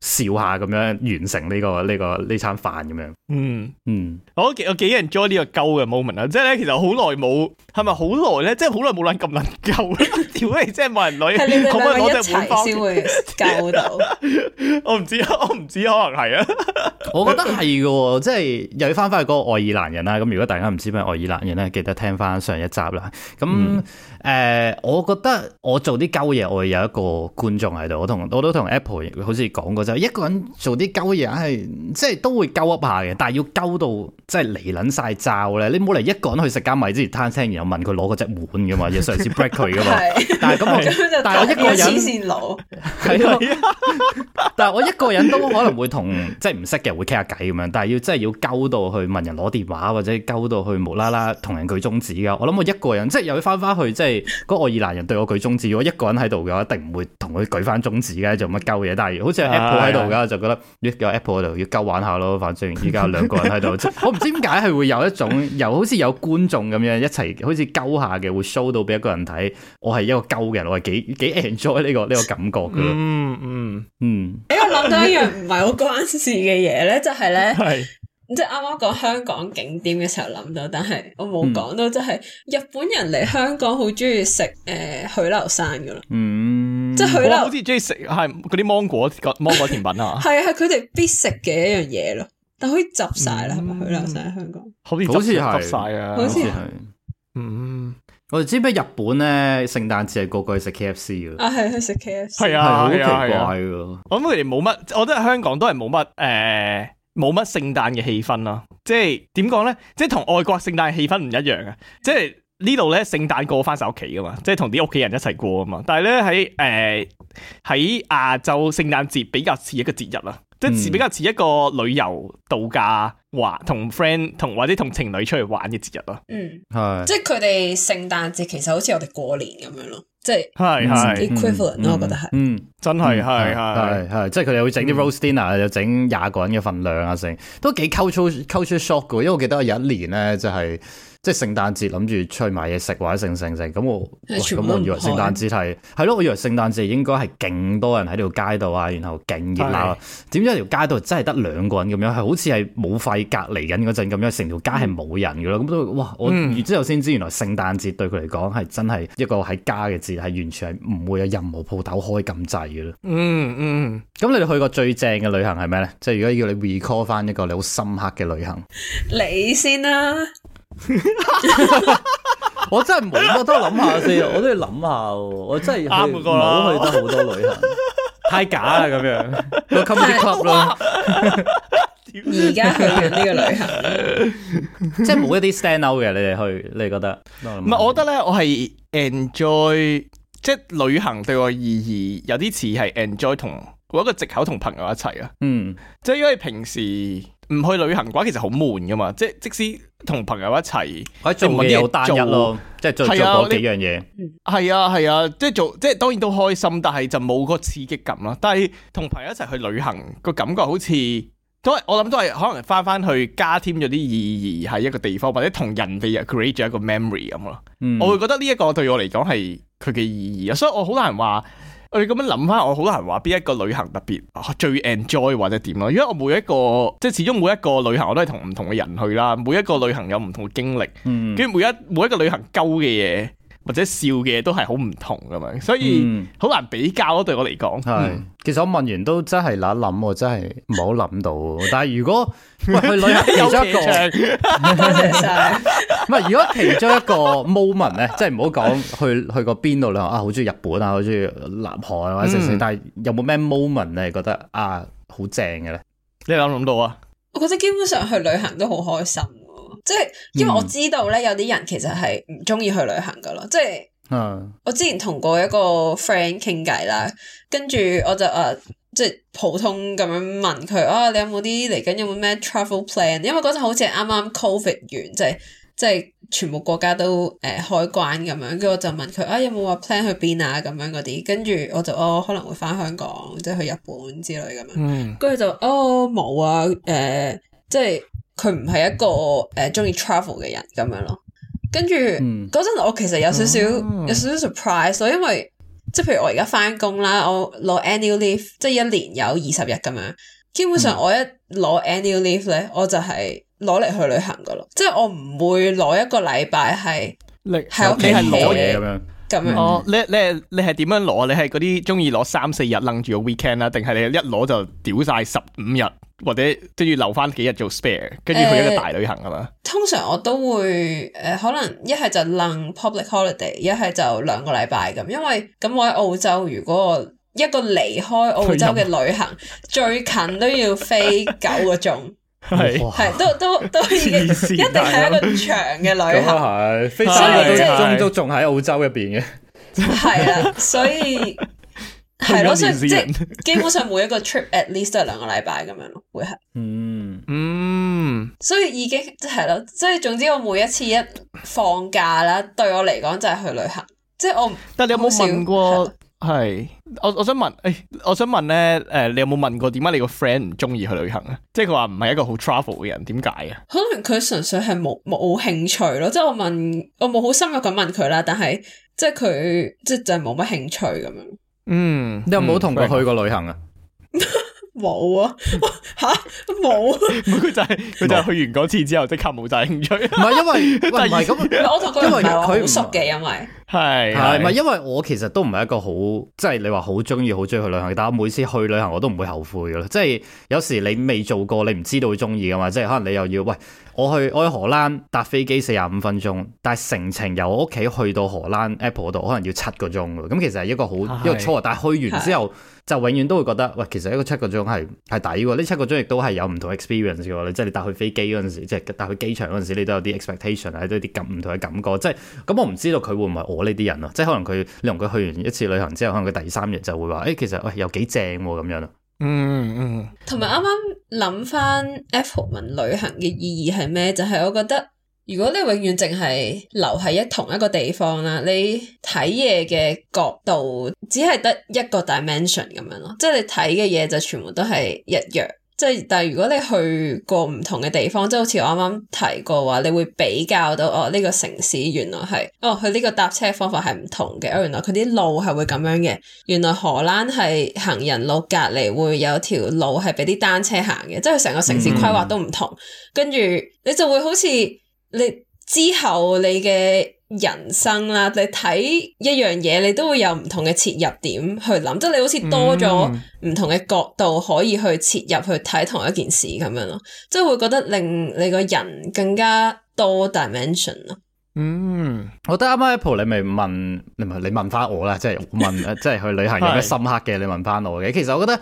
[SPEAKER 1] 笑下咁樣完成呢、這個呢、這個呢餐飯咁樣。嗯、這個、嗯，我幾我幾
[SPEAKER 3] 人 enjoy 呢個鳩嘅 moment 啊，即係咧其實好耐冇，係咪好耐咧？即係好耐冇捻咁捻鳩啦。屌 <laughs> <laughs> 你可可，真係冇人女，可唔可以攞一齊先會溝到？
[SPEAKER 1] <laughs> 我唔知，我唔知，知可能係啊。我覺得係嘅，即係又要翻翻去嗰愛爾蘭人啦。咁如果大家唔知咩愛爾蘭人咧，記得聽翻上,上,上一集啦。咁誒、嗯呃，我覺得我做啲鳩嘢，我有一個觀眾喺度。我同我都同,我同,我同 App Apple 好似講過。一個人做啲鳩嘢係，即係都會鳩噏下嘅，但係要鳩到即係離撚晒罩咧。你冇嚟一個人去食間米芝蓮餐廳，然後又問佢攞嗰隻碗噶嘛，要嘗試 break 佢噶嘛。 <laughs> 但係咁， <laughs> 但係我一個人， <laughs> <laughs> <laughs> 但係我一個人都可能會同即係唔識嘅人會傾下偈咁樣，但係要真係要鳩到去問人攞電話，或者鳩到去無啦啦同人舉中指噶。我諗我一個人即係又要翻翻去，即係嗰愛爾蘭人對我舉中指，如果一個人喺度嘅話，一定唔會同佢舉翻中指嘅，做乜鳩嘢？但係好似 a <laughs> 喺度噶，就覺得呢個 Apple 就要鳩玩下咯。反正而家有兩個人喺度，我唔知點解係會有一種又好似有觀眾咁樣一齊好似鳩下嘅，會 show 到俾一個人睇。我係一個鳩嘅，我係幾幾 enjoy 呢、呢個呢、呢個感覺嘅。嗯嗯、mm, mm. 嗯。
[SPEAKER 3] 俾、 <laughs> 嗯、我諗
[SPEAKER 2] 到一樣唔係好關事嘅嘢咧，就係、是、咧，是即係啱啱講香港景點嘅時候諗到，但係我冇講到，即係、mm. 日本人嚟香港好中意食誒許留，留山噶啦。嗯。Mm.
[SPEAKER 3] 我、嗯、好似中意食係嗰啲芒果芒果甜品
[SPEAKER 1] 啊，係
[SPEAKER 2] 係佢哋必食嘅一樣嘢咯。但可以執晒啦，係咪
[SPEAKER 1] 去留晒喺香港？是是好似執晒啊。好似係。嗯，我就知咩？日本咧，聖誕節係個個去食 K F C 噶。啊，係去食 K F C。係啊，好奇怪噶的的。我諗佢哋冇乜，
[SPEAKER 3] 我覺得香港都係冇乜，誒、呃，冇乜聖誕嘅氣氛咯。即係點講咧？即係同外國聖誕氣氛唔一樣啊！即係。呢度咧，聖誕過翻首屋企噶嘛，即係同啲屋企人一齊過啊嘛。但係咧，喺誒喺亞洲，聖誕節比較似一個節日啦，即係比較似一個旅遊度假玩，同 friend 同或者同情侶出去玩嘅節日咯。
[SPEAKER 2] 嗯，係，即係佢哋聖誕節其實好似我哋過年咁樣咯，即係
[SPEAKER 1] 係係 equivalent 我覺得係。嗯，真係係係係，即係佢哋會整啲 roast dinner，又整廿個人嘅份量啊，成都幾 culture culture shock 嘅。因為我記得有一年咧，就係。即係聖誕節諗住出去買嘢食或者剩剩剩咁我咁我以為聖誕節係係咯，我以為聖誕節應該係勁多人喺條街度啊，然後勁熱鬧，點知一條街度真係得兩個人咁樣係好似係冇費隔離緊嗰陣咁樣，成條街係冇人噶啦，咁都哇我然之後先知原來聖誕節對佢嚟講係真係一個喺家嘅節，係完全係唔會有任何鋪頭開咁滯嘅啦。嗯嗯，咁你哋去過最正嘅旅行係咩咧？即係如果要你 recall 翻一個你好深刻嘅旅行，
[SPEAKER 2] 你先啦啊。
[SPEAKER 1] <laughs> 我真係冇乜多諗下先，我都要諗下。我真係唔好去得好多旅行，太假啦咁樣，Welcome to the club 咯。而家呢個旅行， <laughs> <laughs> <laughs> 即係冇一啲 stand out 嘅。你哋去，你哋覺得？唔係， <laughs> <laughs> 我，我覺得咧，我係 enjoy，
[SPEAKER 3] 即係旅行對我意義有啲似係 enjoy，同一個藉口同朋友一齊啊。嗯，即係因為平時。唔去旅行嘅話，其實好悶㗎嘛，即係即使同朋友一齊，做嘢好單一咯，做即係做、啊、做嗰你幾樣嘢、啊。係啊係啊，即係做即係當然都開心，但係就冇嗰個刺激感咯。但係同朋友一齊去旅行個感覺好，好似都係我諗都係可能翻翻去加添咗啲意義喺一個地方，或者同人哋人 create 咗一個 memory 咁咯。我會覺得呢一個對我嚟講係佢嘅意義啊，所以我好難話。我哋咁樣諗翻，我好難話邊一個旅行特別最 enjoy 或者點咯，因為我每一個即係始終每一個旅行我都係同唔同嘅人去啦，每一個旅行有唔同嘅經歷，跟住、嗯、每一每一個旅行溝嘅嘢，或者笑嘅嘢都係好唔
[SPEAKER 1] 同咁樣，所以
[SPEAKER 3] 好難比較咯。對我嚟講，
[SPEAKER 1] 係、嗯、其實我問完都真係諗諗，我真係冇諗到。但係如果 <laughs> 去旅行，其中一
[SPEAKER 3] 個。
[SPEAKER 2] <laughs> <laughs>
[SPEAKER 1] <laughs> 如果其中一個 moment 咧， <laughs> 即係唔好講去去過邊度旅行啊，好中意日本啊，好中意南韓啊，或者成成，但係有冇咩 moment 你覺得啊好正嘅咧？你有冇諗到啊？
[SPEAKER 2] 我覺得基本上去旅行都好開心，啊，即係因為我知道咧，有啲人其實係唔中意去旅行噶咯，即係，
[SPEAKER 1] 嗯、
[SPEAKER 2] 我之前同過一個 friend 傾偈啦，跟住我就啊，即係普通咁樣問佢啊，你有冇啲嚟緊有冇咩 travel plan？因為嗰陣好似啱啱 COVID 完，即係。即係全部國家都誒開、呃、關咁樣，跟住我就問佢啊，有冇話 plan 去邊啊？咁樣嗰啲，跟住我就哦，可能會返香港，即係去日本之類咁樣。跟住、嗯、就哦冇啊，誒、呃，即係佢唔係一個誒中、呃、意 travel 嘅人咁樣咯。跟住嗰陣我其實有少少、啊、有少少 surprise 咯，因為即係譬如我而家返工啦，我攞 annual leave，即係一年有二十日咁樣。基本上我一攞 annual leave 咧、嗯就是，我就係、是。攞嚟去旅行噶咯，即係我唔會攞一個禮拜係喺屋企攞嘢咁樣。咁樣
[SPEAKER 3] 你你你係點樣攞？你係嗰啲中意攞三四日楞住個 weekend 啦，定係你，你，你一攞就屌晒十五日，或者跟住留翻幾日做 spare，跟住去一個大旅行啊嘛、
[SPEAKER 2] 欸？通常我都會誒、呃，可能一係就楞 public holiday，一係就兩個禮拜咁。因為咁我喺澳洲，如果我一個離開澳洲嘅旅行，最近都要飛九個鐘。 <laughs> 係係都都都已經一定係一個長嘅
[SPEAKER 1] 旅行係，所以即係都仲喺澳洲入邊嘅
[SPEAKER 2] 係啊，所以係咯，所以即係基本上每一個 trip at least 都係兩個禮拜咁樣咯，會係嗯嗯，所以已經即係咯，所以總之我每一次一放假啦，對我嚟講就係去旅行，
[SPEAKER 3] 即係我但係你有冇問過？係，我我想問，誒，我想問咧，誒、呃，你有冇問過點解你個 friend 唔中意去旅行啊？即係佢話唔係一個好 travel 嘅人，點解啊？
[SPEAKER 2] 可能佢純粹係冇冇興趣咯。即係我問，我冇好深入咁問佢啦。但係即係佢即係就係冇乜興趣咁樣。嗯，
[SPEAKER 1] 你有冇同佢去過旅行啊？嗯嗯 <laughs>
[SPEAKER 2] 冇啊，吓都冇。佢
[SPEAKER 3] 就係佢就係去完嗰次之後，即刻冇晒興趣。
[SPEAKER 1] 唔係因為，第二， <laughs> 我就覺得唔
[SPEAKER 2] 熟嘅， <laughs> 因為
[SPEAKER 1] 係係唔係因為我其實都唔係一個好， <laughs> 即係你話好中意好中意去旅行。但係我每次去旅行我都唔會後悔噶喇。即係有時你未做過，你唔知道會中意噶嘛。即係可能你又要喂。我去我去荷蘭搭飛機四十五分鐘，但係成程由我屋企去到荷蘭 Apple 度，可能要七個鐘。咁其實係一個好一個錯。但係去完之後，就永遠都會覺得，喂，其實一個七個鐘係係抵喎。呢七個鐘亦都係有唔同 experience 嘅。你即係你搭去飛機嗰陣時，即係搭去機場嗰陣時，你都有啲 expectation 啊，都有啲唔同嘅感覺。即係咁，我唔知道佢會唔會我呢啲人咯。即係可能佢你同佢去完一次旅行之後，可能佢第三日就會話：誒、欸，其實喂又幾正喎、啊、咁樣啦。
[SPEAKER 2] 嗯嗯，同埋啱啱諗翻 Appleman 旅行嘅意義係咩？就係、是、我覺得，如果你永遠淨係留喺一同一個地方啦，你睇嘢嘅角度只係得一個 dimension 咁樣咯，即、就、係、是、你睇嘅嘢就全部都係一樣。即係，但係如果你去過唔同嘅地方，即係好似我啱啱提過話，你會比較到哦，呢個城市原來係哦，佢呢個搭車方法係唔同嘅，哦，原來佢啲路係會咁樣嘅，原來荷蘭係行人路隔籬會有條路係俾啲單車行嘅，即係成個城市規劃都唔同，mm hmm. 跟住你就會好似你之後你嘅。人生啦、啊，你睇一樣嘢，你都會有唔同嘅切入點去諗，即係你好似多咗唔同嘅角度可以去切入去睇同一件事咁樣咯，即係會覺得令你個人更加多 dimension 咯。嗯，
[SPEAKER 1] 我覺得啱啱 Apple，你咪問，你問翻我啦，即係我問 <laughs> 即係去旅行有咩深刻嘅？ <laughs> 你問翻我嘅，其實我覺得。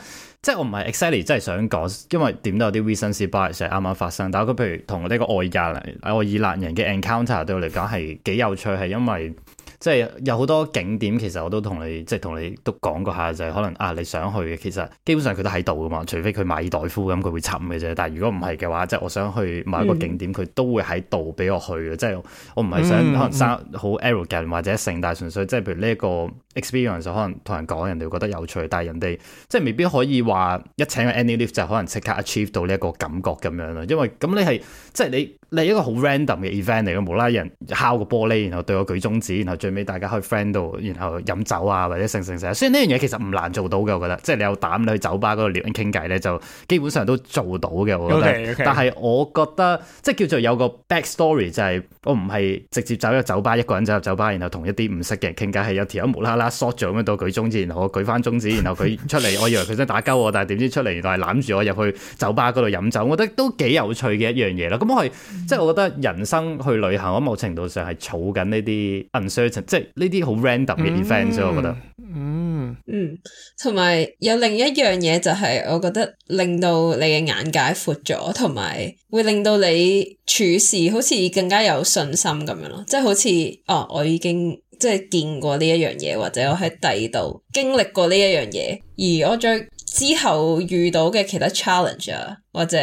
[SPEAKER 1] 即係我唔係 excited，真係想講，因為點都有啲 recency bias 成日啱啱發生。但係佢譬如同呢個愛爾蘭，我愛爾蘭人嘅 encounter 對我嚟講係幾有趣，係因為即係有好多景點，其實我都同你即係同你都講過下，就係、是、可能啊你想去嘅，其實基本上佢都喺度噶嘛，除非佢馬爾代夫咁，佢會沉嘅啫。但係如果唔係嘅話，即係我想去某一個景點，佢、嗯、都會喺度俾我去嘅。即係我唔係想可能生好 error g 嘅，嗯、或者成大純粹即係譬如呢、這、一個。experience 就可能同人講，人哋會覺得有趣，但係人哋即係未必可以話一請個 any lift 就可能即刻 achieve 到呢一個感覺咁樣咯。因為咁你係即係你你一個好 random 嘅 event 嚟嘅，無啦啦人敲個玻璃，然後對我舉中指，然後最尾大家去 friend 度，然後飲酒啊或者成成成，雖然呢樣嘢其實唔難做到嘅，我覺得。即係你有膽你去酒吧嗰度聊傾偈咧，就基本上都做到嘅，我覺得。Okay, okay. 但係我覺得即係叫做有個 backstory，就係我唔係直接走入酒吧一個人走入酒吧，然後同一啲唔識嘅人傾偈，係有條友無啦啦。縮住咁到舉中指，然後我舉翻中指，然後佢出嚟， <laughs> 我以為佢想打鳩我，但係點知出嚟，原來係攬住我入去酒吧嗰度飲酒，我覺得都幾有趣嘅一樣嘢啦。咁我係即係，我覺得人生去旅行，我某程度上係儲緊呢啲 uncertainty 即係呢啲好 random 嘅 events，嗯。我覺得，嗯嗯，
[SPEAKER 2] 同埋有另一樣嘢就係，我覺得令到你嘅眼界闊咗，同埋會令到你處事好似更加有信心咁樣咯。即係好似哦，我已經。即係見過呢一樣嘢，或者我喺第二度經歷過呢一樣嘢，而我再之後遇到嘅其他 challenge 啊，或者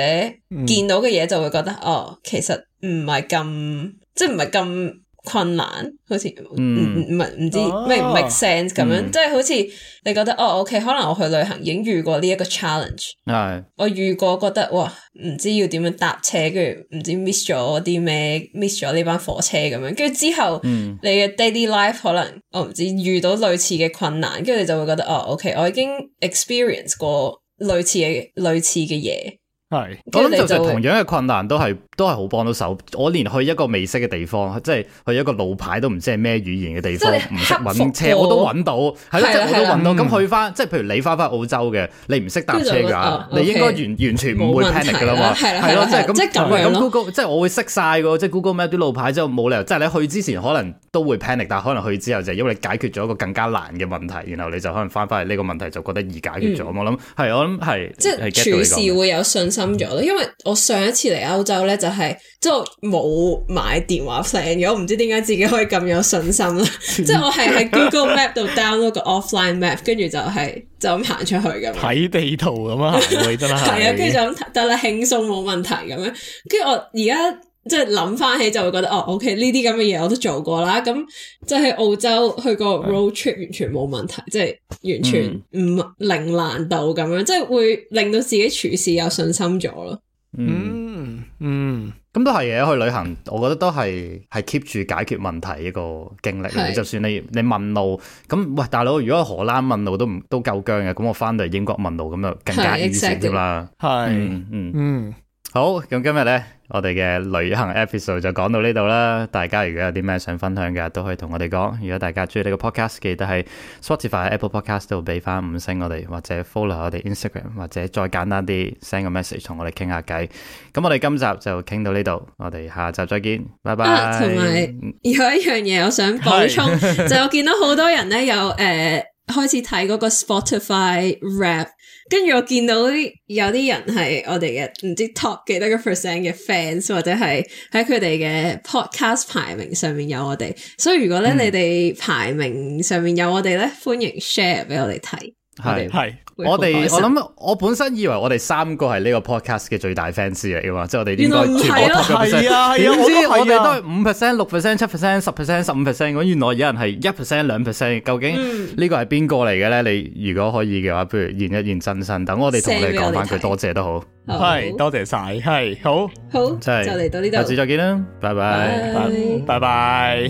[SPEAKER 2] 見到嘅嘢就會覺得，嗯、哦，其實唔係咁，即係唔係咁困難，好似唔唔唔唔知咩唔、哦、make sense 咁樣，即係、嗯、好似你覺得哦，OK，可能我去旅行已經遇過呢一個 challenge，是我遇過覺得哇，唔知要點樣搭車，跟住唔知 miss 咗啲咩，miss 咗呢班火車咁樣，跟住之後、嗯、你嘅 daily life 可能我唔知遇到類似嘅困難，跟住你就會覺得哦，OK，我已經 experience 過類似嘅類似嘅嘢。
[SPEAKER 1] 係，我諗就係同樣嘅困難，都係都係好幫到手。我連去一個未識嘅地方，即係去一個路牌都唔知係咩語言嘅地方，唔識搵車，我都搵到，係咯，即係我都搵到。咁去翻，即係譬如你翻翻澳洲嘅，你唔識搭車噶，你應該完完全唔會 panic 噶啦嘛。係咯，即係咁。即係咁 Google，即係我會識晒噶，即係 Google 咩啲路牌，即係冇理由。即係你去之前可能。都會 panic，但可能去之後就因為你解決咗一個更加難嘅問題，然後你就可能翻返嚟呢個問題就覺得易解決咗、嗯。我諗係，我諗係，即係處事會
[SPEAKER 2] 有信心咗咯。因為我上一次嚟歐洲咧、就是，就係即係冇買電話 plan 嘅。我唔知點解自己可以咁有信心啦。 <laughs> <laughs> 即係我係喺 Google Map 度 down 咗個 offline map，跟住就係、是、就咁、是、行出去咁。睇
[SPEAKER 3] 地圖咁啊，得、嗯、啦，係啊，跟住就咁
[SPEAKER 2] 得啦， <laughs> 但但輕鬆冇問題咁樣。跟住我而家。即係諗翻起就會覺得哦，OK 呢啲咁嘅嘢我都做過啦。咁即係澳洲去過 road trip 是完全冇問題，即、就、係、是、完全唔凌、嗯、難度咁樣，即、就、係、是、會令到自己處事有信心咗咯、嗯。嗯嗯，
[SPEAKER 1] 咁都係嘅。去旅行，我覺得都係係 keep 住解決問題一個經歷。是就算你你問路，咁喂大佬，如果荷蘭問路都唔都夠僵嘅，咁我翻到嚟英國問路咁就更加 easy 啦。係嗯、exactly. 是嗯。嗯嗯好，咁今日呢，我哋嘅旅行 episode 就講到呢度啦。大家如果有啲咩想分享嘅，都可以同我哋講。如果大家中意呢個 podcast，記得喺 Spotify Apple Podcast 度俾翻五星我哋，或者 follow 我哋 Instagram，或者再簡單啲 send 個 message 同我哋傾下偈。咁我哋今集就傾到呢度，我哋下集再見，拜拜。同埋、
[SPEAKER 2] 啊、有，有一樣嘢我想補充，是 <laughs> 就我見到好多人呢有誒。Uh, 開始睇嗰個 Spotify rap，跟住我見到有啲人係我哋嘅唔知 top 幾多個 percent 嘅 fans，或者係喺佢哋嘅 podcast 排名上面有我哋，所以如果咧、嗯、你哋排名上面有我哋咧，歡迎 share 俾我哋睇。係係，我哋我諗
[SPEAKER 1] 我本身以為我哋三個係呢個 podcast 嘅最大 fans 嚟嘅嘛，即係我哋呢個全國 top 嘅 percent，點知我哋都係五 percent、六 percent、七 percent、十 percent、十五 percent，咁原來有人係一 percent、兩 percent，究竟個呢個係邊個嚟嘅咧？你如果可以嘅話，不如現一現真身，等我哋同你講翻佢，多謝都好，係多謝晒，係好，好，即係就嚟、是、到呢度，下次再見啦，拜拜，拜拜。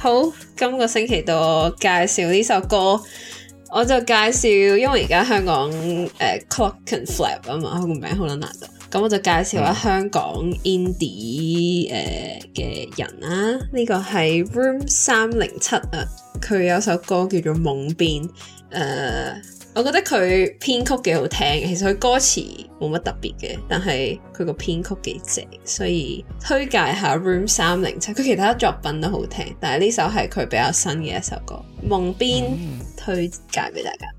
[SPEAKER 2] 好，今個星期到我介紹呢首歌，我就介紹，因為而家香港誒、uh, Clockenflap 啊嘛，個名好撚難讀，咁我就介紹下香港 indie 誒、uh, 嘅人啦，呢個係 room 三零七啊，佢、啊、有首歌叫做《夢邊》誒。Uh, 我覺得佢編曲幾好聽嘅，其實佢歌詞冇乜特別嘅，但係佢個編曲幾正，所以推介下 Room 307，佢其他作品都好聽，但係呢首係佢比較新嘅一首歌，《夢邊》推介俾大家。